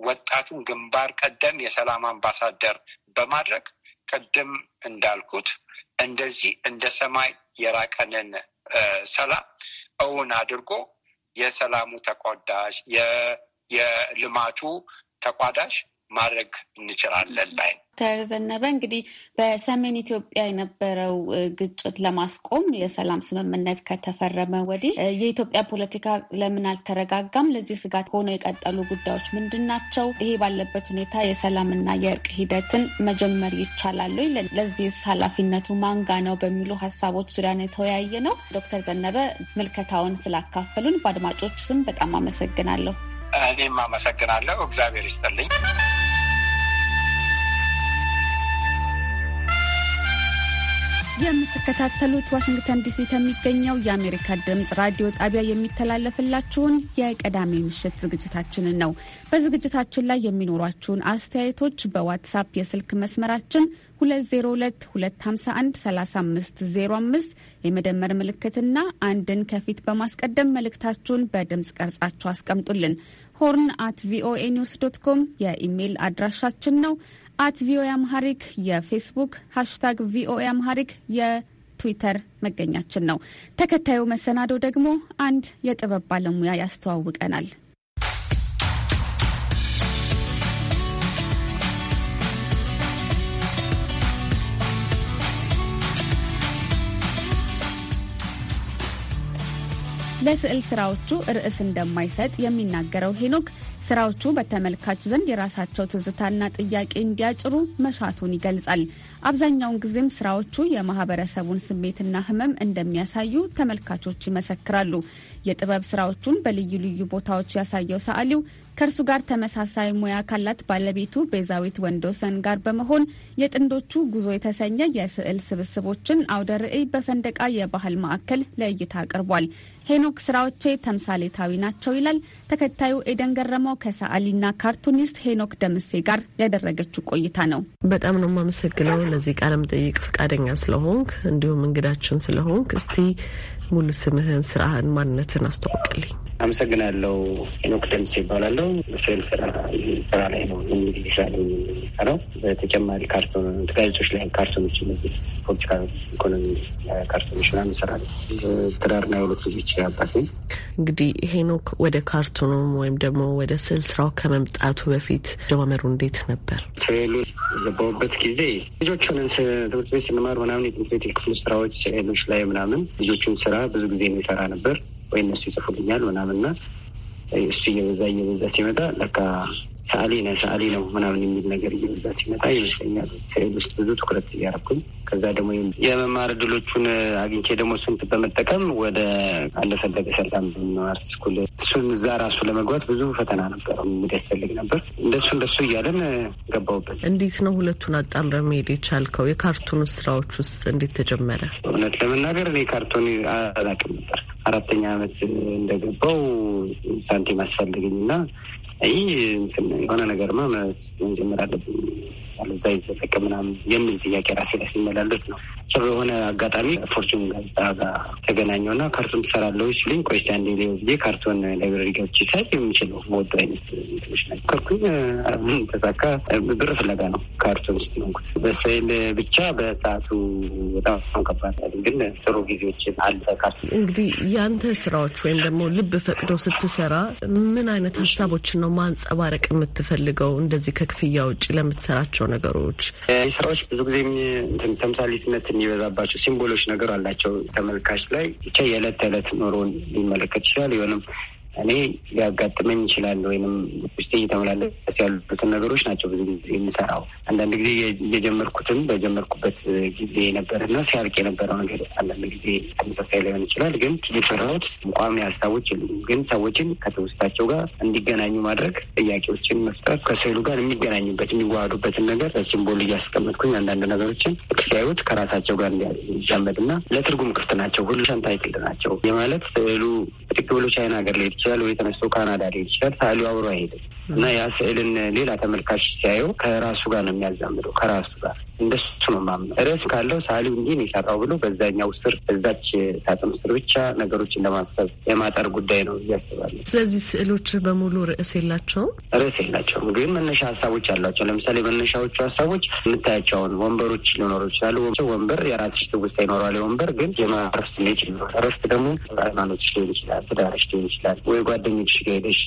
ወጣቱን ግንባር ቀደም የሰላም አምባሳደር በማድረግ ቅድም እንዳልኩት እንደዚህ እንደ ሰማይ የራቀንን ሰላም እውን አድርጎ የሰላሙ ተቋዳሽ የልማቱ ተቋዳሽ ማድረግ እንችላለን ላይ ተዘነበ እንግዲህ በሰሜን ኢትዮጵያ የነበረው ግጭት ለማስቆም የሰላም ስምምነት ከተፈረመ ወዲህ የኢትዮጵያ ፖለቲካ ለምን አልተረጋጋም? ለዚህ ስጋት ሆኖ የቀጠሉ ጉዳዮች ምንድን ናቸው? ይሄ ባለበት ሁኔታ የሰላምና የእርቅ ሂደትን መጀመር ይቻላሉ? ለዚህ ኃላፊነቱ ማንጋ ነው በሚሉ ሀሳቦች ዙሪያ ነው የተወያየ ነው። ዶክተር ዘነበ ምልከታውን ስላካፈሉን በአድማጮች ስም በጣም አመሰግናለሁ። እኔም አመሰግናለሁ። እግዚአብሔር ይስጥልኝ። የምትከታተሉት ዋሽንግተን ዲሲ ከሚገኘው የአሜሪካ ድምፅ ራዲዮ ጣቢያ የሚተላለፍላችሁን የቅዳሜ ምሽት ዝግጅታችንን ነው። በዝግጅታችን ላይ የሚኖሯችሁን አስተያየቶች በዋትሳፕ የስልክ መስመራችን 2022513505 የመደመር ምልክትና አንድን ከፊት በማስቀደም መልእክታችሁን በድምፅ ቀርጻችሁ አስቀምጡልን። ሆርን አት ቪኦኤ ኒውስ ዶት ኮም የኢሜይል አድራሻችን ነው። አት ቪኦኤ አምሃሪክ የፌስቡክ ሃሽታግ ቪኦኤ አምሃሪክ የትዊተር መገኛችን ነው። ተከታዩ መሰናዶ ደግሞ አንድ የጥበብ ባለሙያ ያስተዋውቀናል። ለስዕል ስራዎቹ ርዕስ እንደማይሰጥ የሚናገረው ሄኖክ ስራዎቹ በተመልካች ዘንድ የራሳቸው ትዝታና ጥያቄ እንዲያጭሩ መሻቱን ይገልጻል። አብዛኛውን ጊዜም ስራዎቹ የማህበረሰቡን ስሜትና ህመም እንደሚያሳዩ ተመልካቾች ይመሰክራሉ። የጥበብ ስራዎቹን በልዩ ልዩ ቦታዎች ያሳየው ሰዓሊው ከእርሱ ጋር ተመሳሳይ ሙያ ካላት ባለቤቱ ቤዛዊት ወንዶሰን ጋር በመሆን የጥንዶቹ ጉዞ የተሰኘ የስዕል ስብስቦችን አውደ ርዕይ በፈንደቃ የባህል ማዕከል ለእይታ አቅርቧል። ሄኖክ ስራዎቼ ተምሳሌታዊ ናቸው ይላል። ተከታዩ ኤደን ገረመው ከሰዓሊና ካርቱኒስት ሄኖክ ደምሴ ጋር ያደረገችው ቆይታ ነው። በጣም ነው የማመሰግነው ለዚህ ቃለ መጠይቅ ፈቃደኛ ስለሆንክ እንዲሁም እንግዳችን ስለሆንክ እስቲ ሙሉ ስምህን፣ ስራህን፣ ማንነትን አስተዋውቅልኝ። አመሰግናለው። ሄኖክ ደምስ ይባላለው። ፌል ስራ ስራ ላይ ነው እንግዲህ ይሻለ የሚሰራው በተጨማሪ ካርቶን ጋዜጦች ላይ ካርቶኖች፣ እነዚህ ፖለቲካ ኢኮኖሚ ካርቶኖች ምናምን እሰራለሁ። ትዳርና የሁለት ልጆች አባት ነኝ። እንግዲህ ሄኖክ ወደ ካርቱኑም ወይም ደግሞ ወደ ስዕል ስራው ከመምጣቱ በፊት ጀማመሩ እንዴት ነበር? ስዕሉ ገባሁበት ጊዜ ልጆቹን ትምህርት ቤት ስንማር ምናምን የትምህርት ቤት የክፍሉ ስራዎች ስዕሎች ላይ ምናምን ልጆቹን ስራ ብዙ ጊዜ እንሰራ ነበር ወይ እነሱ ይጽፉልኛል ና እሱ እየበዛ እየበዛ ሲመጣ ለካ ሰዓሊ ነህ ሰዓሊ ነው ምናምን የሚል ነገር እየበዛ ሲመጣ ይመስለኛል ስዕል ውስጥ ብዙ ትኩረት እያደረኩኝ ከዛ ደግሞ የመማር እድሎቹን አግኝቼ ደግሞ ስንት በመጠቀም ወደ አለፈለገ ፈለገ ሰልጣን አርት ስኩል እሱን እዛ ራሱ ለመግባት ብዙ ፈተና ነበር እንግዲህ ያስፈልግ ነበር። እንደሱ እንደሱ እያለን ገባውበት። እንዴት ነው ሁለቱን አጣምረ መሄድ የቻልከው? የካርቱን ስራዎች ውስጥ እንዴት ተጀመረ? እውነት ለመናገር እኔ ካርቱን አላውቅም ነበር። አራተኛ ዓመት እንደገባው ሳንቲም አስፈልግኝ እና ይህ የሆነ ነገርማ መጀመር አለብን እዛ ይዘፈቅ ምናምን የሚል ጥያቄ ራሴ ላይ ሲመላለስ ነው። ጭር የሆነ አጋጣሚ ፎርቹን ጋዜጣ ጋር ተገናኘው እና ካርቱን ትሰራለሁ ሲሉኝ ቆይስ አንዴ ሌው ብዬ ካርቱን ላይብረሪ ገብቼ ሳይ የምችለው ወጡ አይነት እንትኖች ናቸው። ከርኩኝ ተሳካ ብር ፍለጋ ነው ካርቱን ውስጥ መንኩት በስዕል ብቻ በሰዓቱ በጣም ከባድ ግን ጥሩ ጊዜዎችን አለ ካርቱን እንግዲህ ያንተ ስራዎች ወይም ደግሞ ልብ ፈቅዶ ስትሰራ ምን አይነት ሀሳቦች ነው ነው ማንጸባረቅ የምትፈልገው እንደዚህ ከክፍያ ውጭ ለምትሰራቸው ነገሮች? ስራዎች ብዙ ጊዜ ተምሳሌትነት የሚበዛባቸው ሲምቦሎች ነገር አላቸው። ተመልካች ላይ ብቻ የዕለት ተዕለት ኑሮን ሊመለከት ይችላል። ይሆንም እኔ ሊያጋጥመኝ ይችላል ወይም ውስጤ እየተመላለስ ያሉትን ነገሮች ናቸው ብዙ ጊዜ የምሰራው። አንዳንድ ጊዜ የጀመርኩትን በጀመርኩበት ጊዜ የነበረና ሲያልቅ የነበረው ነገር አንዳንድ ጊዜ ተመሳሳይ ላይሆን ይችላል። ግን የሰራሁት ቋሚ ሀሳቦች የሉም። ግን ሰዎችን ከትውስታቸው ጋር እንዲገናኙ ማድረግ፣ ጥያቄዎችን መፍጠር፣ ከስዕሉ ጋር የሚገናኙበት የሚዋሃዱበትን ነገር ሲምቦል እያስቀመጥኩኝ አንዳንድ ነገሮችን ሲያዩት ከራሳቸው ጋር እንዲዛመድና ለትርጉም ክፍት ናቸው። ሁሉ ሸንታይትል ናቸው የማለት ስዕሉ ጥቅ ብሎ ቻይና ሀገር ላይድ ይችላል ወይ ተነስቶ ካናዳ ሊሄድ ይችላል። ሰዓሊው አብሮ አይሄድም እና ያ ስዕልን ሌላ ተመልካች ሲያየው ከራሱ ጋር ነው የሚያዛምደው። ከራሱ ጋር እንደሱ ነው ማምነው። ርዕስ ካለው ሰዓሊው እንዲህ ነው የሰራው ብሎ በዛኛው ስር በዛች ሳጥን ስር ብቻ ነገሮችን ለማሰብ የማጠር ጉዳይ ነው እያስባለ። ስለዚህ ስዕሎች በሙሉ ርዕስ የላቸውም። ርዕስ የላቸውም፣ ግን መነሻ ሀሳቦች አሏቸው። ለምሳሌ መነሻዎቹ ሀሳቦች የምታያቸውን ወንበሮች ሊኖሩ ይችላሉ። ወንበር የራስሽ ትውስታ ይኖረዋል። የወንበር ግን የማረፍ ስሜት ይኖራል። እረፍት ደግሞ ሃይማኖት ሊሆን ይችላል፣ ትዳርሽ ሊሆን ይችላል ወይ ጓደኞች ከሄደሽ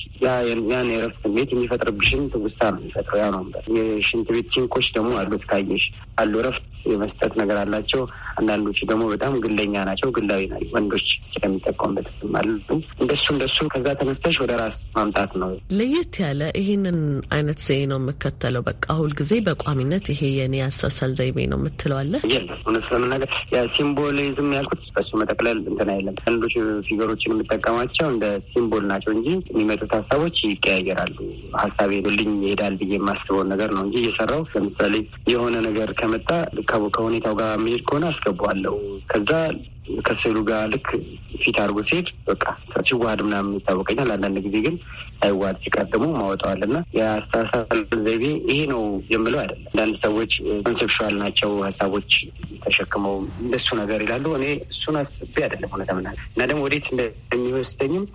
ያን የረፍት ስሜት የሚፈጥርብሽን ትውስታ ነው የሚፈጥረው። ያ ነው የሽንት ቤት ሲንኮች ደግሞ አሉት ካየሽ አሉ ረፍት የመስጠት ነገር አላቸው። አንዳንዶቹ ደግሞ በጣም ግለኛ ናቸው። ግላዊ ወንዶች ስለሚጠቀሙበት አሉ። እንደሱ እንደሱ ከዛ ተነስተሽ ወደ ራስ ማምጣት ነው። ለየት ያለ ይህንን አይነት ዘዬ ነው የምከተለው። በቃ ሁልጊዜ በቋሚነት ይሄ የኔ አሳሳል ዘይቤ ነው የምትለዋለ? የለም እውነት ስለምናገር ሲምቦሊዝም ያልኩት በሱ መጠቅለል እንትን አይለም። አንዶች ፊገሮችን የምጠቀማቸው እንደ ሲምቦል ናቸው እንጂ የሚመጡት ሀሳቦች ይቀያየራሉ። ሀሳቤ ልኝ ይሄዳል ብዬ የማስበውን ነገር ነው እንጂ እየሰራው ለምሳሌ የሆነ ነገር ከመጣ ከሁኔታው ጋር የሚሄድ ከሆነ አስከ አስገባዋለሁ። ከዛ ከስዕሉ ጋር ልክ ፊት አድርጎ ሲሄድ በቃ ሲዋሃድ ምናምን ይታወቀኛል። አንዳንድ ጊዜ ግን ሳይዋሃድ ሲቀር ደግሞ ማወጣዋል እና የአስተሳሰብ ዘይቤ ይሄ ነው የምለው አይደለም። አንዳንድ ሰዎች ኮንሴፕሽዋል ናቸው ሀሳቦች ተሸክመው እንደሱ ነገር ይላሉ። እኔ እሱን አስቤ አይደለም ሆነ ተምናል እና ደግሞ ወዴት እንደሚወስደኝም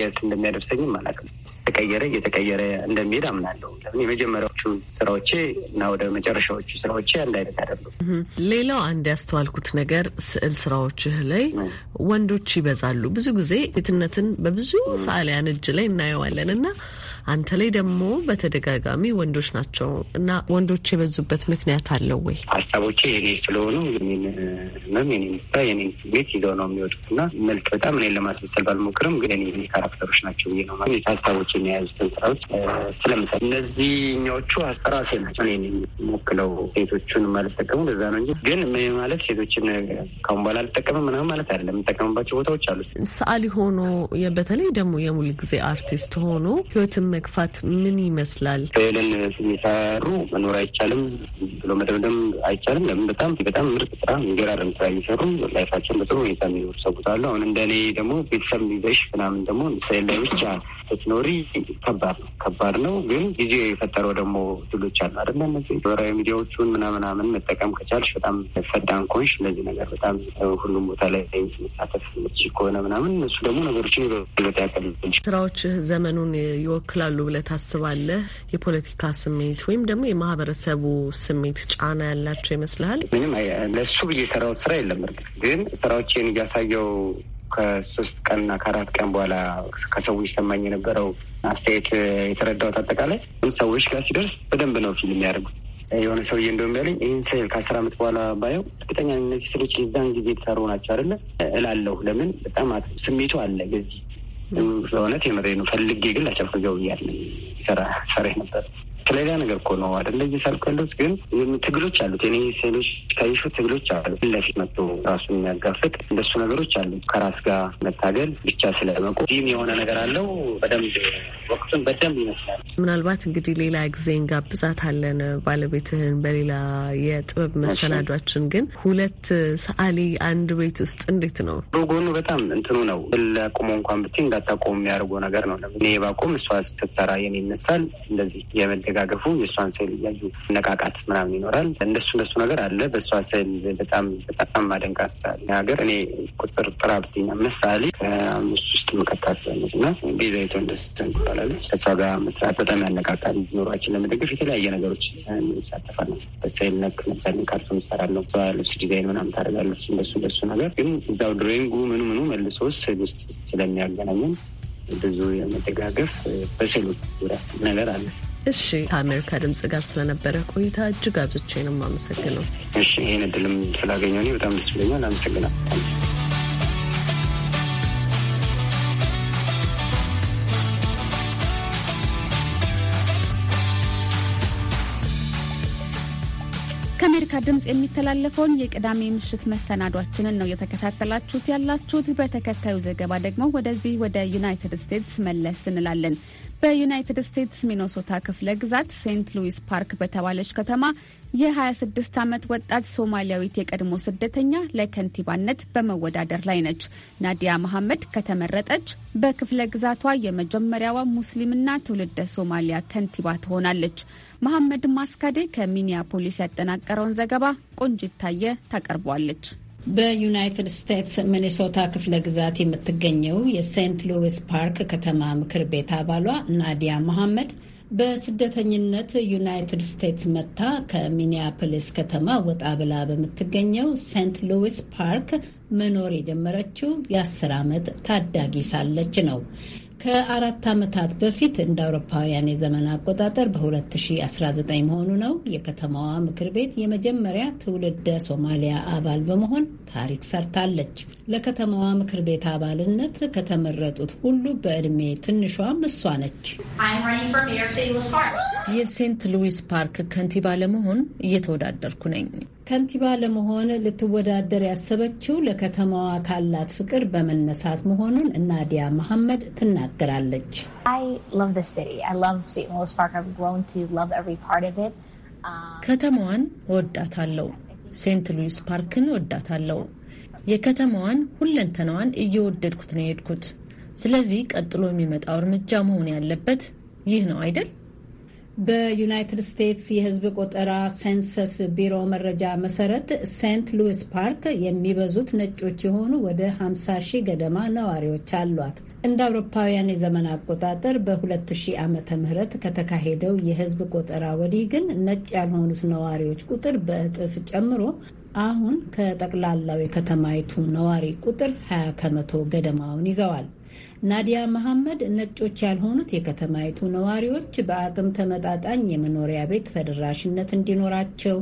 የት እንደሚያደርሰኝም አላውቅም። ተቀየረ እየተቀየረ እንደሚሄድ አምናለሁ። ለምን የመጀመሪያዎቹ ስራዎቼ እና ወደ መጨረሻዎቹ ስራዎቼ አንድ አይነት አይደሉም። ሌላው አንድ ያስተዋልኩት ነገር ስዕል ስራዎችህ ላይ ወንዶች ይበዛሉ። ብዙ ጊዜ ሴትነትን በብዙ ሰዓሊያን እጅ ላይ እናየዋለን እና አንተ ላይ ደግሞ በተደጋጋሚ ወንዶች ናቸው እና ወንዶች የበዙበት ምክንያት አለው ወይ? ሀሳቦቼ የኔ ስለሆኑ የኔን ህመም፣ የኔን ስታ፣ የኔን ስሜት ይዘው ነው የሚወጡት እና መልክ በጣም እኔን ለማስመሰል ባልሞክርም ግን እኔ የኔ ካራክተሮች ናቸው ብዬ ነው ማለት ሀሳቦች የሚያያዙትን ስራዎች ስለምታ እነዚህኛዎቹ ራሴ ናቸው እኔ ሞክለው ሴቶቹን የማልጠቀሙ ለዛ ነው እንጂ ግን ማለት ሴቶችን ካሁን በኋላ አልጠቀምም ምናምን ማለት አይደለም። የምጠቀምባቸው ቦታዎች አሉ። ሰዓሊ ሆኖ በተለይ ደግሞ የሙሉ ጊዜ አርቲስት ሆኖ ህይወትን መግፋት ምን ይመስላል? ለን የሚሰሩ መኖር አይቻልም ብሎ መደምደም አይቻልም። ለምን በጣም በጣም ምርጥ ስራ እንገራረም ስራ የሚሰሩ ላይፋቸውን በጥሩ ሁኔታ የሚኖር ሰዎች አሉ። አሁን እንደኔ ደግሞ ቤተሰብ የሚበሽ ምናምን ደግሞ ላይ ብቻ ስትኖሪ ከባድ ነው ከባድ ነው። ግን ጊዜ የፈጠረው ደግሞ ድሎች አሉ አደለ? እነዚህ ወራዊ ሚዲያዎቹን ምናምናምን መጠቀም ከቻልሽ በጣም ፈጣን ኮንሽ እነዚህ ነገር በጣም ሁሉም ቦታ ላይ መሳተፍ ምች ከሆነ ምናምን እሱ ደግሞ ነገሮችን ይበለጠ ያቀልል ስራዎች ዘመኑን ይወክል ይከላከላሉ ብለህ ታስባለህ? የፖለቲካ ስሜት ወይም ደግሞ የማህበረሰቡ ስሜት ጫና ያላቸው ይመስልሃል? ምንም ለሱ ብዬ የሰራሁት ስራ የለም። እርግጥ ግን ስራዎቼን እያሳየው ከሶስት ቀንና ከአራት ቀን በኋላ ከሰዎች ሰማኝ የነበረው አስተያየት የተረዳሁት አጠቃላይ ሰዎች ጋር ሲደርስ በደንብ ነው ፊልም ያደርጉት የሆነ ሰውዬ እንደውም ያለኝ ይህን ስዕል ከአስር ዓመት በኋላ ባየው እርግጠኛ እነዚህ ስዕሎች የዛን ጊዜ የተሰሩ ናቸው አይደለ እላለሁ። ለምን በጣም ስሜቱ አለ በዚህ በእውነት የምሬ ነው። ፈልጌ ግን አጨፍርገው እያለ ሰራ ነበር ከሌላ ነገር እኮ ነው አደለ እየሳልኩ ያሉት። ግን ትግሎች አሉት የኔ ሴሎች ካየሹ ትግሎች አሉት። ለፊት መጥቶ ራሱ የሚያጋፍጥ እንደሱ ነገሮች አሉ። ከራስ ጋር መታገል ብቻ ስለመቆም ዲም የሆነ ነገር አለው። በደንብ ወቅቱን በደንብ ይመስላል። ምናልባት እንግዲህ ሌላ ጊዜ እንጋብዛታለን ባለቤትህን በሌላ የጥበብ መሰናዷችን። ግን ሁለት ሰዓሊ አንድ ቤት ውስጥ እንዴት ነው? በጎኑ በጣም እንትኑ ነው ለቁሞ እንኳን ብቲ እንዳታቆሙ የሚያደርጎ ነገር ነው። እኔ ባቆም እሷ ስትሰራ የኔ ይነሳል እንደዚህ የመደ መደጋገፉ የእሷን ስዕል እያዩ መነቃቃት ምናምን ይኖራል። እንደሱ እንደሱ ነገር አለ። በእሷ ስዕል በጣም በጣም ማደንቃት ሀገር እኔ ቁጥር ጥራብትኛ ምሳሌ ከአምስት ውስጥ መከታት ነትና ቤዛዊቶ እንደስን ትባላለች። ከእሷ ጋር መስራት በጣም ያነቃቃል። ኑሯችን ለመደገፍ የተለያየ ነገሮች እንሳተፋለን። በስዕል ነክ ለምሳሌ ካርቱን ነው። እሷ ልብስ ዲዛይን ምናምን ታደርጋለች። እንደሱ እንደሱ ነገር ግን እዛው ድሮይንጉ ምኑ ምኑ መልሶ ስዕል ውስጥ ስለሚያገናኘን ብዙ የመደጋገፍ በስዕሉ ነገር አለ። እሺ፣ ከአሜሪካ ድምጽ ጋር ስለነበረ ቆይታ እጅግ አብዝቼ ነው የማመሰግነው። እሺ፣ ይህን እድልም ስላገኘ በጣም ደስ ብለኛል። አመሰግናል። ከአሜሪካ ድምፅ የሚተላለፈውን የቅዳሜ ምሽት መሰናዷችንን ነው የተከታተላችሁት ያላችሁት። በተከታዩ ዘገባ ደግሞ ወደዚህ ወደ ዩናይትድ ስቴትስ መለስ እንላለን። በዩናይትድ ስቴትስ ሚኖሶታ ክፍለ ግዛት ሴንት ሉዊስ ፓርክ በተባለች ከተማ የ26 ዓመት ወጣት ሶማሊያዊት የቀድሞ ስደተኛ ለከንቲባነት በመወዳደር ላይ ነች። ናዲያ መሐመድ ከተመረጠች በክፍለ ግዛቷ የመጀመሪያዋ ሙስሊምና ትውልደ ሶማሊያ ከንቲባ ትሆናለች። መሐመድ ማስካዴ ከሚኒያፖሊስ ያጠናቀረውን ዘገባ ቆንጂት ታየ ታቀርቧለች። በዩናይትድ ስቴትስ ሚኔሶታ ክፍለ ግዛት የምትገኘው የሴንት ሉዊስ ፓርክ ከተማ ምክር ቤት አባሏ ናዲያ መሐመድ በስደተኝነት ዩናይትድ ስቴትስ መታ ከሚኒያፖሊስ ከተማ ወጣ ብላ በምትገኘው ሴንት ሉዊስ ፓርክ መኖር የጀመረችው የአስር ዓመት ታዳጊ ሳለች ነው። ከአራት ዓመታት በፊት እንደ አውሮፓውያን የዘመን አቆጣጠር በ2019 መሆኑ ነው የከተማዋ ምክር ቤት የመጀመሪያ ትውልደ ሶማሊያ አባል በመሆን ታሪክ ሰርታለች። ለከተማዋ ምክር ቤት አባልነት ከተመረጡት ሁሉ በዕድሜ ትንሿም እሷ ነች። የሴንት ሉዊስ ፓርክ ከንቲባ ለመሆን እየተወዳደርኩ ነኝ። ከንቲባ ለመሆን ልትወዳደር ያሰበችው ለከተማዋ ካላት ፍቅር በመነሳት መሆኑን ናዲያ መሐመድ ትናገራለች። ከተማዋን ወዳታለው። ሴንት ሉዊስ ፓርክን ወዳታለው የከተማዋን ሁለንተናዋን እየወደድኩት ነው የሄድኩት። ስለዚህ ቀጥሎ የሚመጣው እርምጃ መሆን ያለበት ይህ ነው አይደል? በዩናይትድ ስቴትስ የሕዝብ ቆጠራ ሴንሰስ ቢሮ መረጃ መሰረት ሴንት ሉዊስ ፓርክ የሚበዙት ነጮች የሆኑ ወደ 50 ሺህ ገደማ ነዋሪዎች አሏት። እንደ አውሮፓውያን የዘመን አቆጣጠር በ2000 ዓመተ ምህረት ከተካሄደው የሕዝብ ቆጠራ ወዲህ ግን ነጭ ያልሆኑት ነዋሪዎች ቁጥር በእጥፍ ጨምሮ አሁን ከጠቅላላው የከተማይቱ ነዋሪ ቁጥር 20 ከመቶ ገደማውን ይዘዋል። ናዲያ መሐመድ ነጮች ያልሆኑት የከተማይቱ ነዋሪዎች በአቅም ተመጣጣኝ የመኖሪያ ቤት ተደራሽነት እንዲኖራቸው፣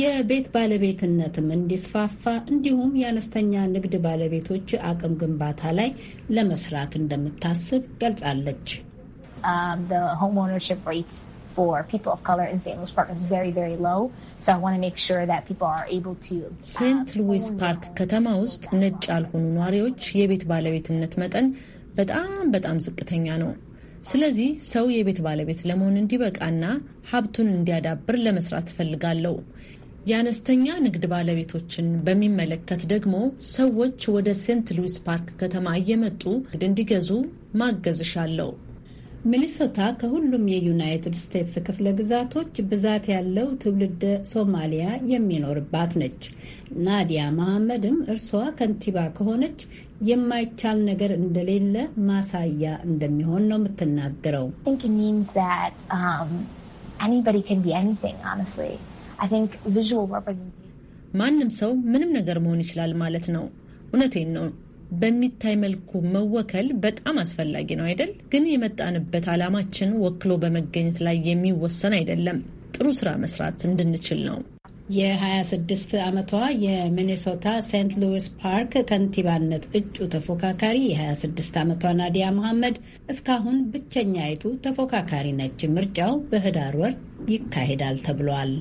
የቤት ባለቤትነትም እንዲስፋፋ እንዲሁም የአነስተኛ ንግድ ባለቤቶች አቅም ግንባታ ላይ ለመስራት እንደምታስብ ገልጻለች። ሴንት ሉዊስ ፓርክ ከተማ ውስጥ ነጭ ያልሆኑ ነዋሪዎች የቤት ባለቤትነት መጠን በጣም በጣም ዝቅተኛ ነው። ስለዚህ ሰው የቤት ባለቤት ለመሆን እንዲበቃና ሀብቱን እንዲያዳብር ለመስራት እፈልጋለሁ። የአነስተኛ ንግድ ባለቤቶችን በሚመለከት ደግሞ ሰዎች ወደ ሴንት ሉዊስ ፓርክ ከተማ እየመጡ ንግድ እንዲገዙ ማገዝሻለሁ። ሚኒሶታ ከሁሉም የዩናይትድ ስቴትስ ክፍለ ግዛቶች ብዛት ያለው ትውልድ ሶማሊያ የሚኖርባት ነች። ናዲያ መሐመድም እርሷ ከንቲባ ከሆነች የማይቻል ነገር እንደሌለ ማሳያ እንደሚሆን ነው የምትናገረው። um, ማንም ሰው ምንም ነገር መሆን ይችላል ማለት ነው። እውነቴን ነው። በሚታይ መልኩ መወከል በጣም አስፈላጊ ነው አይደል? ግን የመጣንበት ዓላማችን ወክሎ በመገኘት ላይ የሚወሰን አይደለም። ጥሩ ስራ መስራት እንድንችል ነው። የ26 ዓመቷ የሚኔሶታ ሴንት ሉዊስ ፓርክ ከንቲባነት እጩ ተፎካካሪ የ26 ዓመቷ ናዲያ መሐመድ እስካሁን ብቸኛይቱ ተፎካካሪ ነች። ምርጫው በህዳር ወር ይካሄዳል ተብሏል።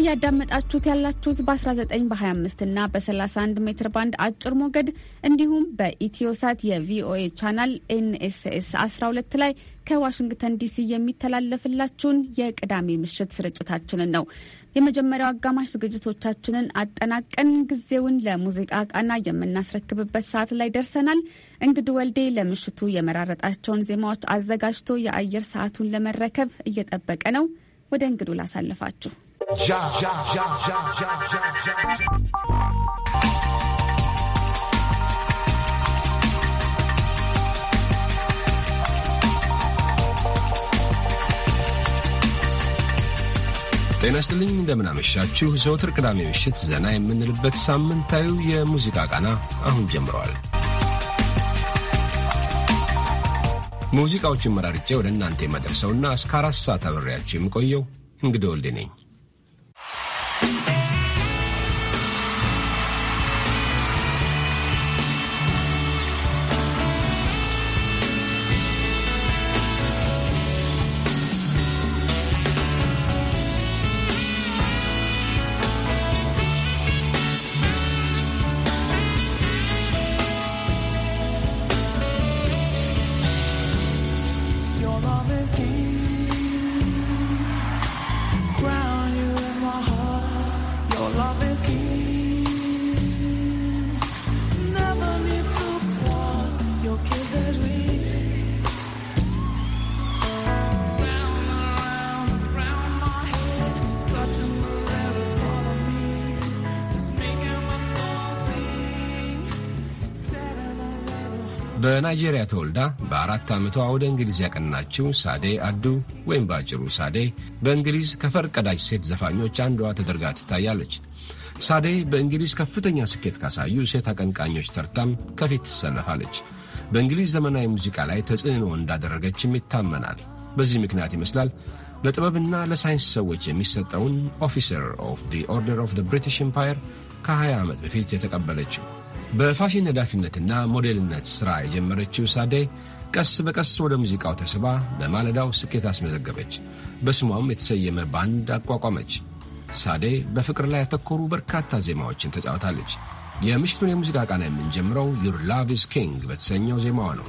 እያዳመጣችሁት ያላችሁት በ19 በ25 እና በ31 ሜትር ባንድ አጭር ሞገድ እንዲሁም በኢትዮሳት የቪኦኤ ቻናል ኤንኤስኤስ 12 ላይ ከዋሽንግተን ዲሲ የሚተላለፍላችሁን የቅዳሜ ምሽት ስርጭታችንን ነው። የመጀመሪያው አጋማሽ ዝግጅቶቻችንን አጠናቀን ጊዜውን ለሙዚቃ ቃና የምናስረክብበት ሰዓት ላይ ደርሰናል። እንግዱ ወልዴ ለምሽቱ የመራረጣቸውን ዜማዎች አዘጋጅቶ የአየር ሰዓቱን ለመረከብ እየጠበቀ ነው። ወደ እንግዱ ላሳልፋችሁ። Ya, ya, ya, ya, ya, ya, ya. ጤና ይስጥልኝ፣ እንደምናመሻችሁ። ዘወትር ቅዳሜ ምሽት ዘና የምንልበት ሳምንታዊ የሙዚቃ ቃና አሁን ጀምረዋል። ሙዚቃዎችን መራርጬ ወደ እናንተ የማደርሰውና እስከ አራት ሰዓት አብሬያችሁ የምቆየው እንግዲህ ወልዴ ነኝ። በናይጄሪያ ተወልዳ በአራት ዓመቷ ወደ እንግሊዝ ያቀናችው ሳዴ አዱ ወይም በአጭሩ ሳዴ በእንግሊዝ ከፈርቀዳጅ ሴት ዘፋኞች አንዷ ተደርጋ ትታያለች። ሳዴ በእንግሊዝ ከፍተኛ ስኬት ካሳዩ ሴት አቀንቃኞች ተርታም ከፊት ትሰለፋለች። በእንግሊዝ ዘመናዊ ሙዚቃ ላይ ተጽዕኖ እንዳደረገችም ይታመናል። በዚህ ምክንያት ይመስላል ለጥበብና ለሳይንስ ሰዎች የሚሰጠውን ኦፊሰር ኦፍ ዲ ኦርደር ኦፍ ዘ ብሪቲሽ ኤምፓየር ከ20 ዓመት በፊት የተቀበለችው። በፋሽን ነዳፊነትና ሞዴልነት ሥራ የጀመረችው ሳዴ ቀስ በቀስ ወደ ሙዚቃው ተስባ በማለዳው ስኬት አስመዘገበች። በስሟም የተሰየመ ባንድ አቋቋመች። ሳዴ በፍቅር ላይ ያተኮሩ በርካታ ዜማዎችን ተጫውታለች። የምሽቱን የሙዚቃ ቃና የምንጀምረው ዩር ላቭ ኢዝ ኪንግ በተሰኘው ዜማዋ ነው።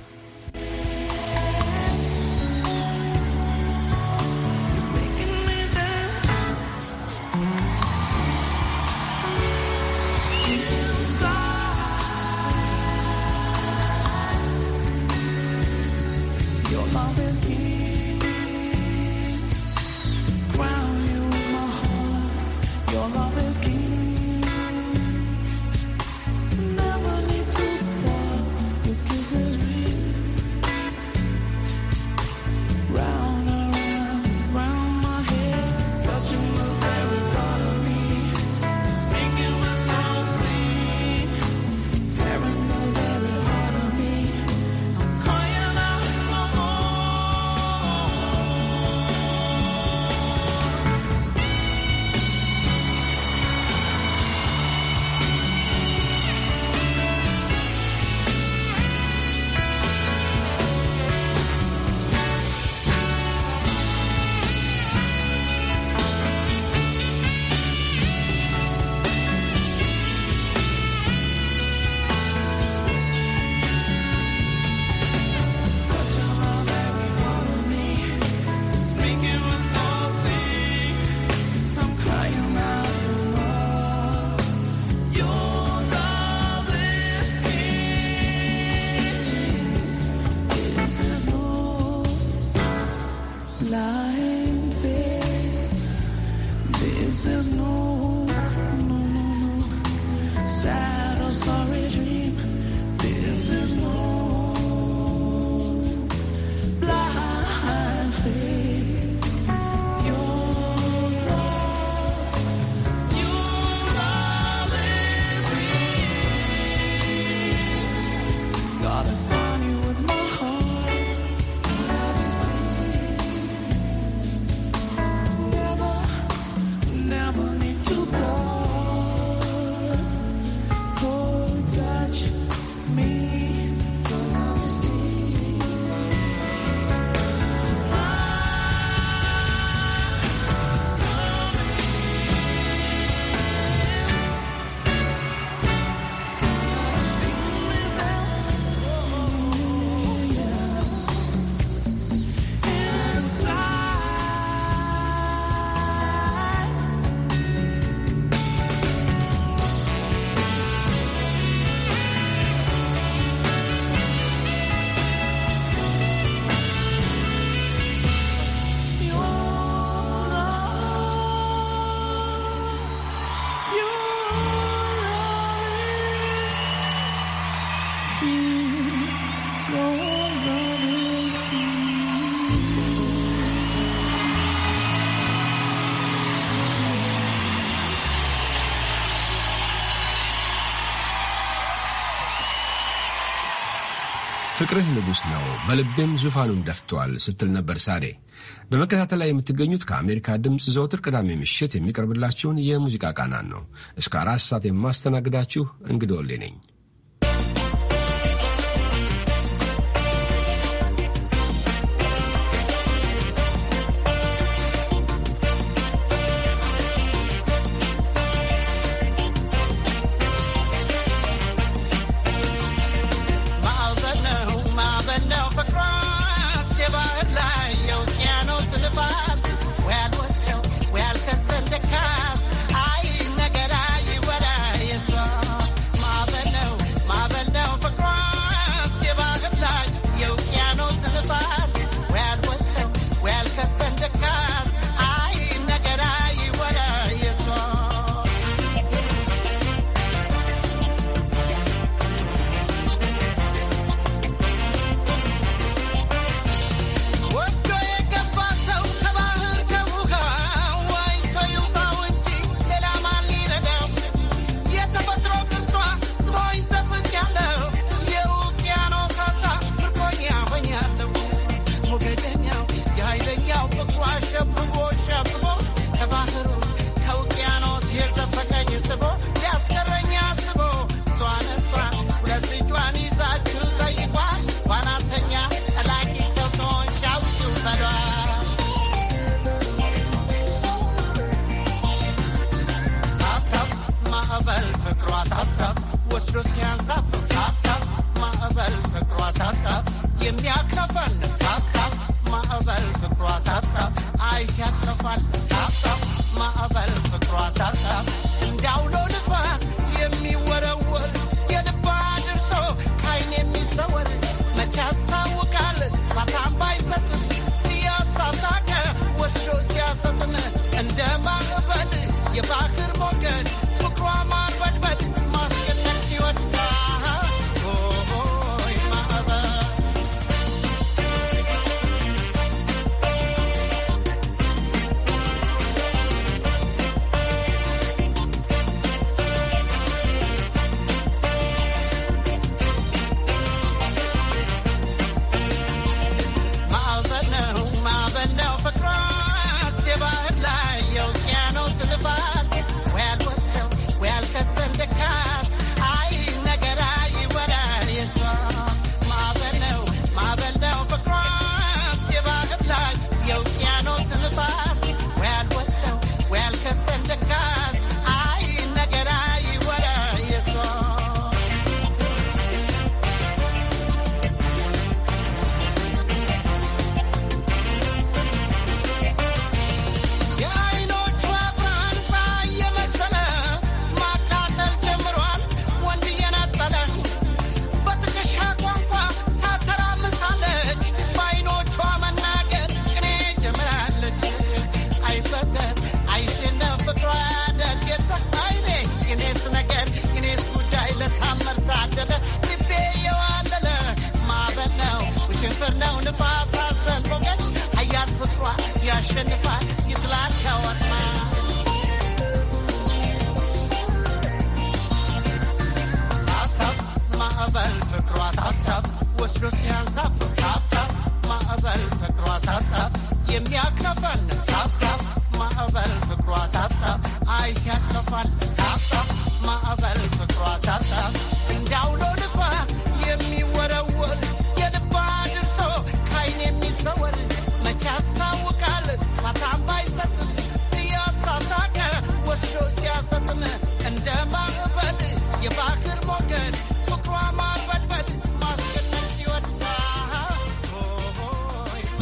ፍቅርህ ንጉሥ ነው፣ በልቤም ዙፋኑን ደፍቷል ስትል ነበር ሳሬ። በመከታተል ላይ የምትገኙት ከአሜሪካ ድምፅ ዘወትር ቅዳሜ ምሽት የሚቀርብላችሁን የሙዚቃ ቃናን ነው። እስከ አራት ሰዓት የማስተናግዳችሁ እንግዶልኔ ነኝ።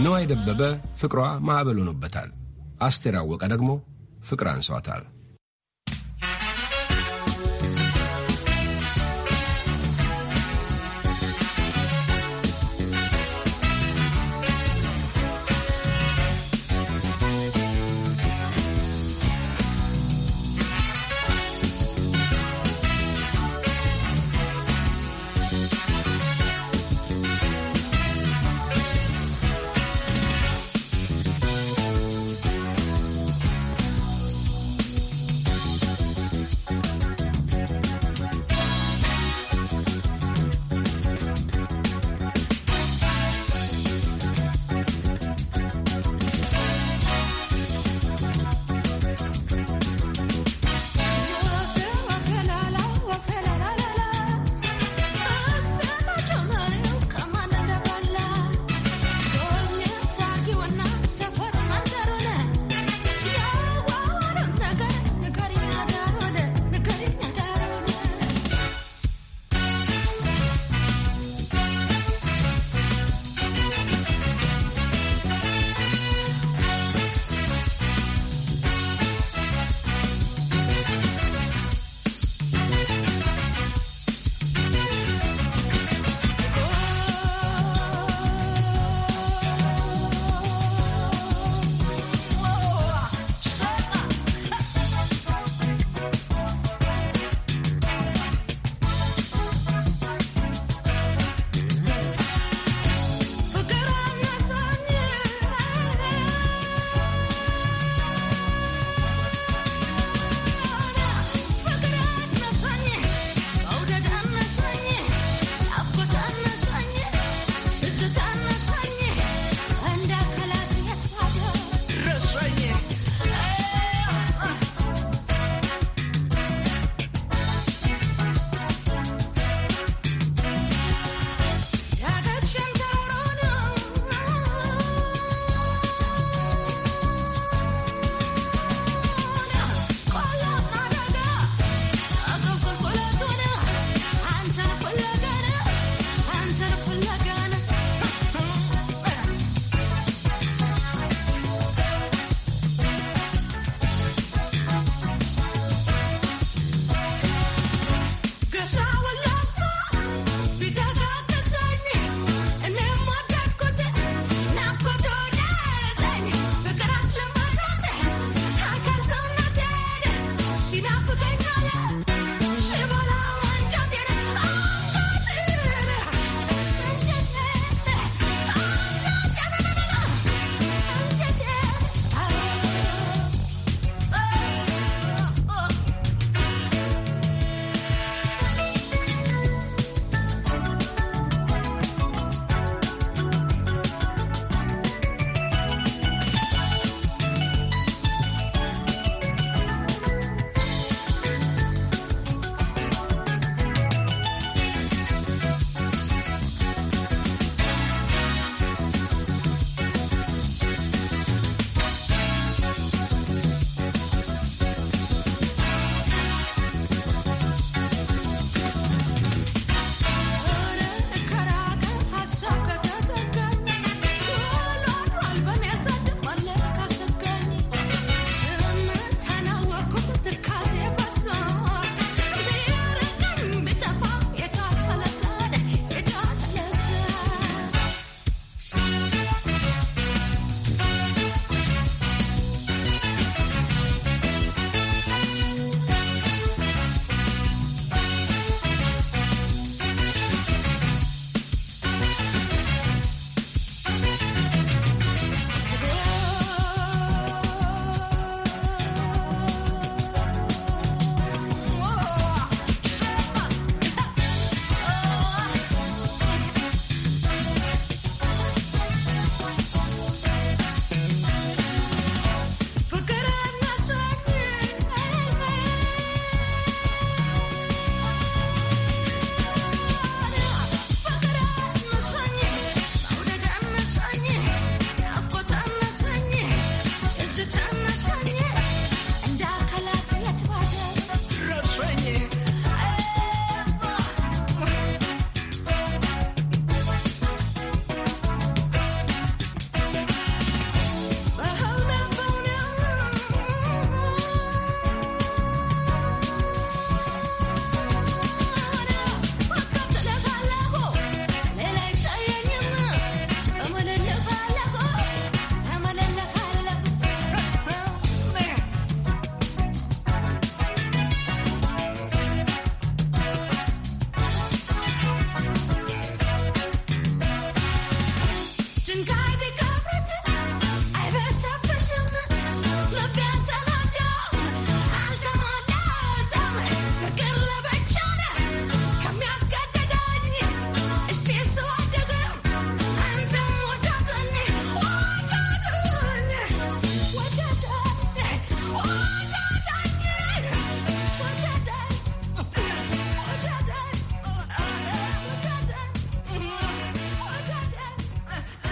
ነዋይ ደበበ ፍቅሯ ማዕበል ሆኖበታል። አስቴር አወቀ ደግሞ ፍቅር አንሷታል።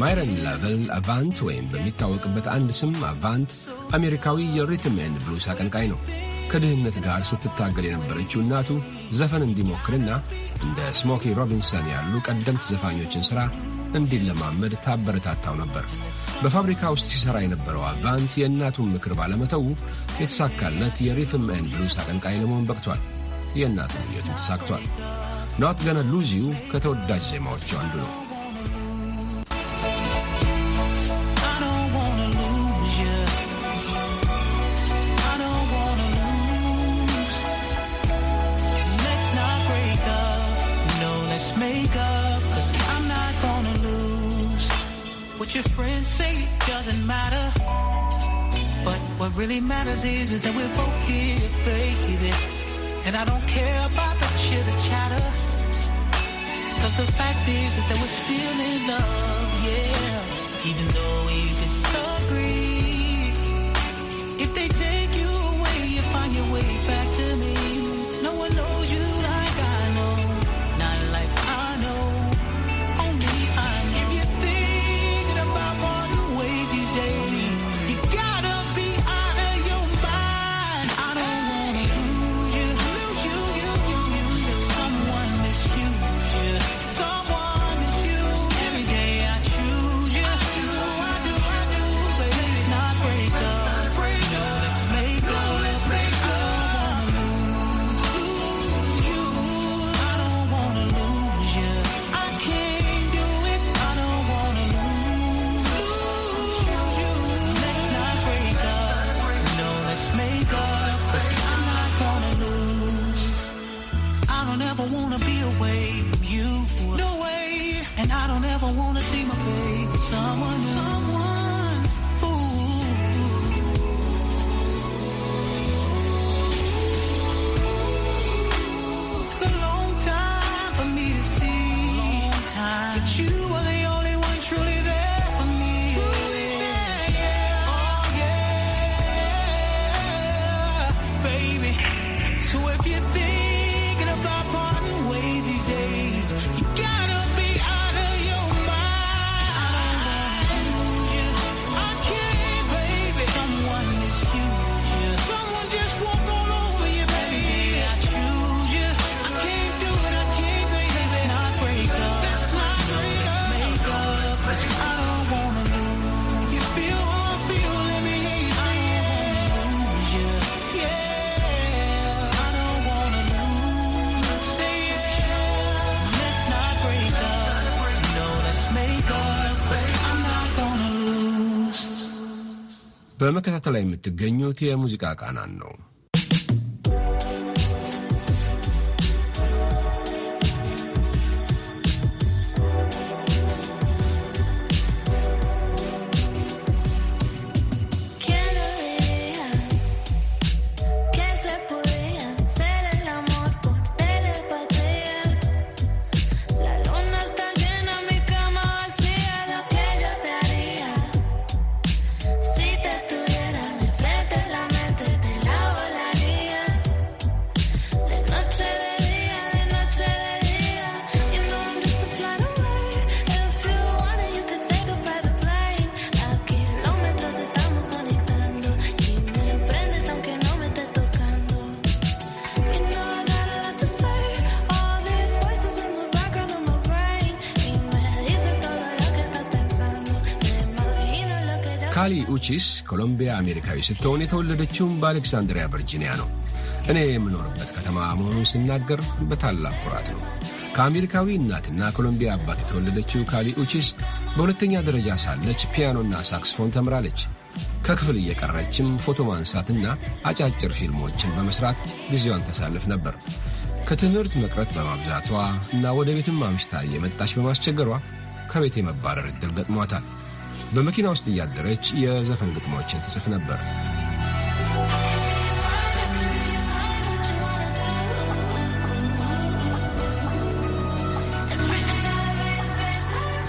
ማይረን ላቨል አቫንት ወይም በሚታወቅበት አንድ ስም አቫንት አሜሪካዊ የሪትም ኤንድ ብሉስ አቀንቃይ ነው። ከድህነት ጋር ስትታገል የነበረችው እናቱ ዘፈን እንዲሞክርና እንደ ስሞኪ ሮቢንሰን ያሉ ቀደምት ዘፋኞችን ሥራ እንዲለማመድ ታበረታታው ነበር። በፋብሪካ ውስጥ ሲሠራ የነበረው አቫንት የእናቱን ምክር ባለመተዉ የተሳካለት የሪትም ኤንድ ብሉስ አቀንቃይ ለመሆን በቅቷል። የእናቱ ምኞቱም ተሳክቷል። ኖት ገነ ሉዚዩ ከተወዳጅ ዜማዎቹ አንዱ ነው። doesn't matter. But what really matters is, is that we're both here, baby. And I don't care about the chitter chatter. Cause the fact is, is that we're still in love, yeah. Even though we disagree. በመከታተል ላይ የምትገኙት የሙዚቃ ቃናን ነው። ኮሎምቢያ አሜሪካዊ ስትሆን የተወለደችውም በአሌክሳንድሪያ ቨርጂኒያ ነው። እኔ የምኖርበት ከተማ መሆኑን ስናገር በታላቅ ኩራት ነው። ከአሜሪካዊ እናትና ኮሎምቢያ አባት የተወለደችው ካሊ ኡቺስ በሁለተኛ ደረጃ ሳለች ፒያኖና ሳክስፎን ተምራለች። ከክፍል እየቀረችም ፎቶ ማንሳትና አጫጭር ፊልሞችን በመስራት ጊዜዋን ታሳልፍ ነበር። ከትምህርት መቅረት በማብዛቷ እና ወደ ቤትም አምሽታ እየመጣች በማስቸገሯ ከቤት የመባረር ዕድል ገጥሟታል። በመኪና ውስጥ እያደረች የዘፈን ግጥሞችን ትጽፍ ነበር።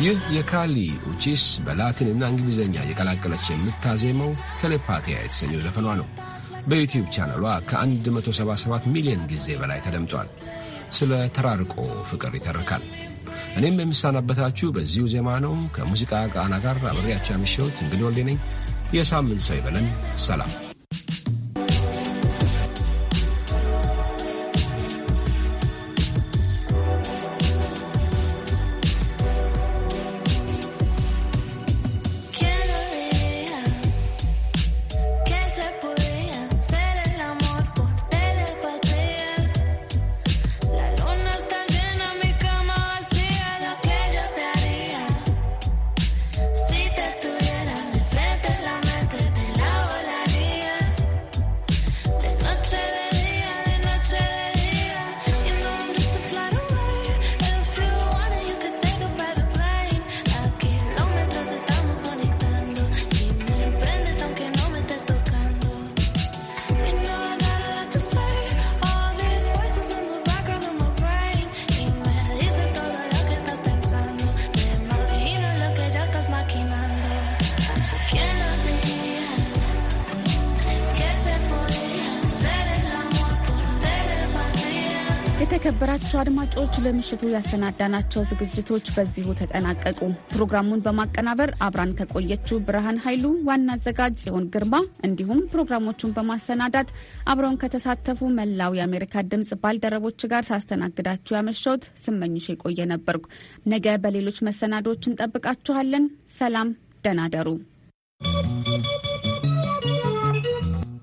ይህ የካሊ ኡቺስ በላቲን እና እንግሊዝኛ የቀላቀለች የምታዜመው ቴሌፓቲያ የተሰኘው ዘፈኗ ነው። በዩቲዩብ ቻናሏ ከ177 ሚሊዮን ጊዜ በላይ ተደምጧል። ስለ ተራርቆ ፍቅር ይተርካል። እኔም የምሰናበታችሁ በዚሁ ዜማ ነው። ከሙዚቃ ቃና ጋር አብሬያቸው ያመሸሁት እንግዲህ ወልዴ ነኝ። የሳምንት ሰው ይበለን። ሰላም ለምሽቱ ያሰናዳናቸው ዝግጅቶች በዚሁ ተጠናቀቁ። ፕሮግራሙን በማቀናበር አብራን ከቆየችው ብርሃን ኃይሉ፣ ዋና አዘጋጅ ጽዮን ግርማ እንዲሁም ፕሮግራሞቹን በማሰናዳት አብረውን ከተሳተፉ መላው የአሜሪካ ድምፅ ባልደረቦች ጋር ሳስተናግዳችሁ ያመሸሁት ስመኝሽ የቆየ ነበርኩ። ነገ በሌሎች መሰናዶዎች እንጠብቃችኋለን። ሰላም፣ ደህና ደሩ።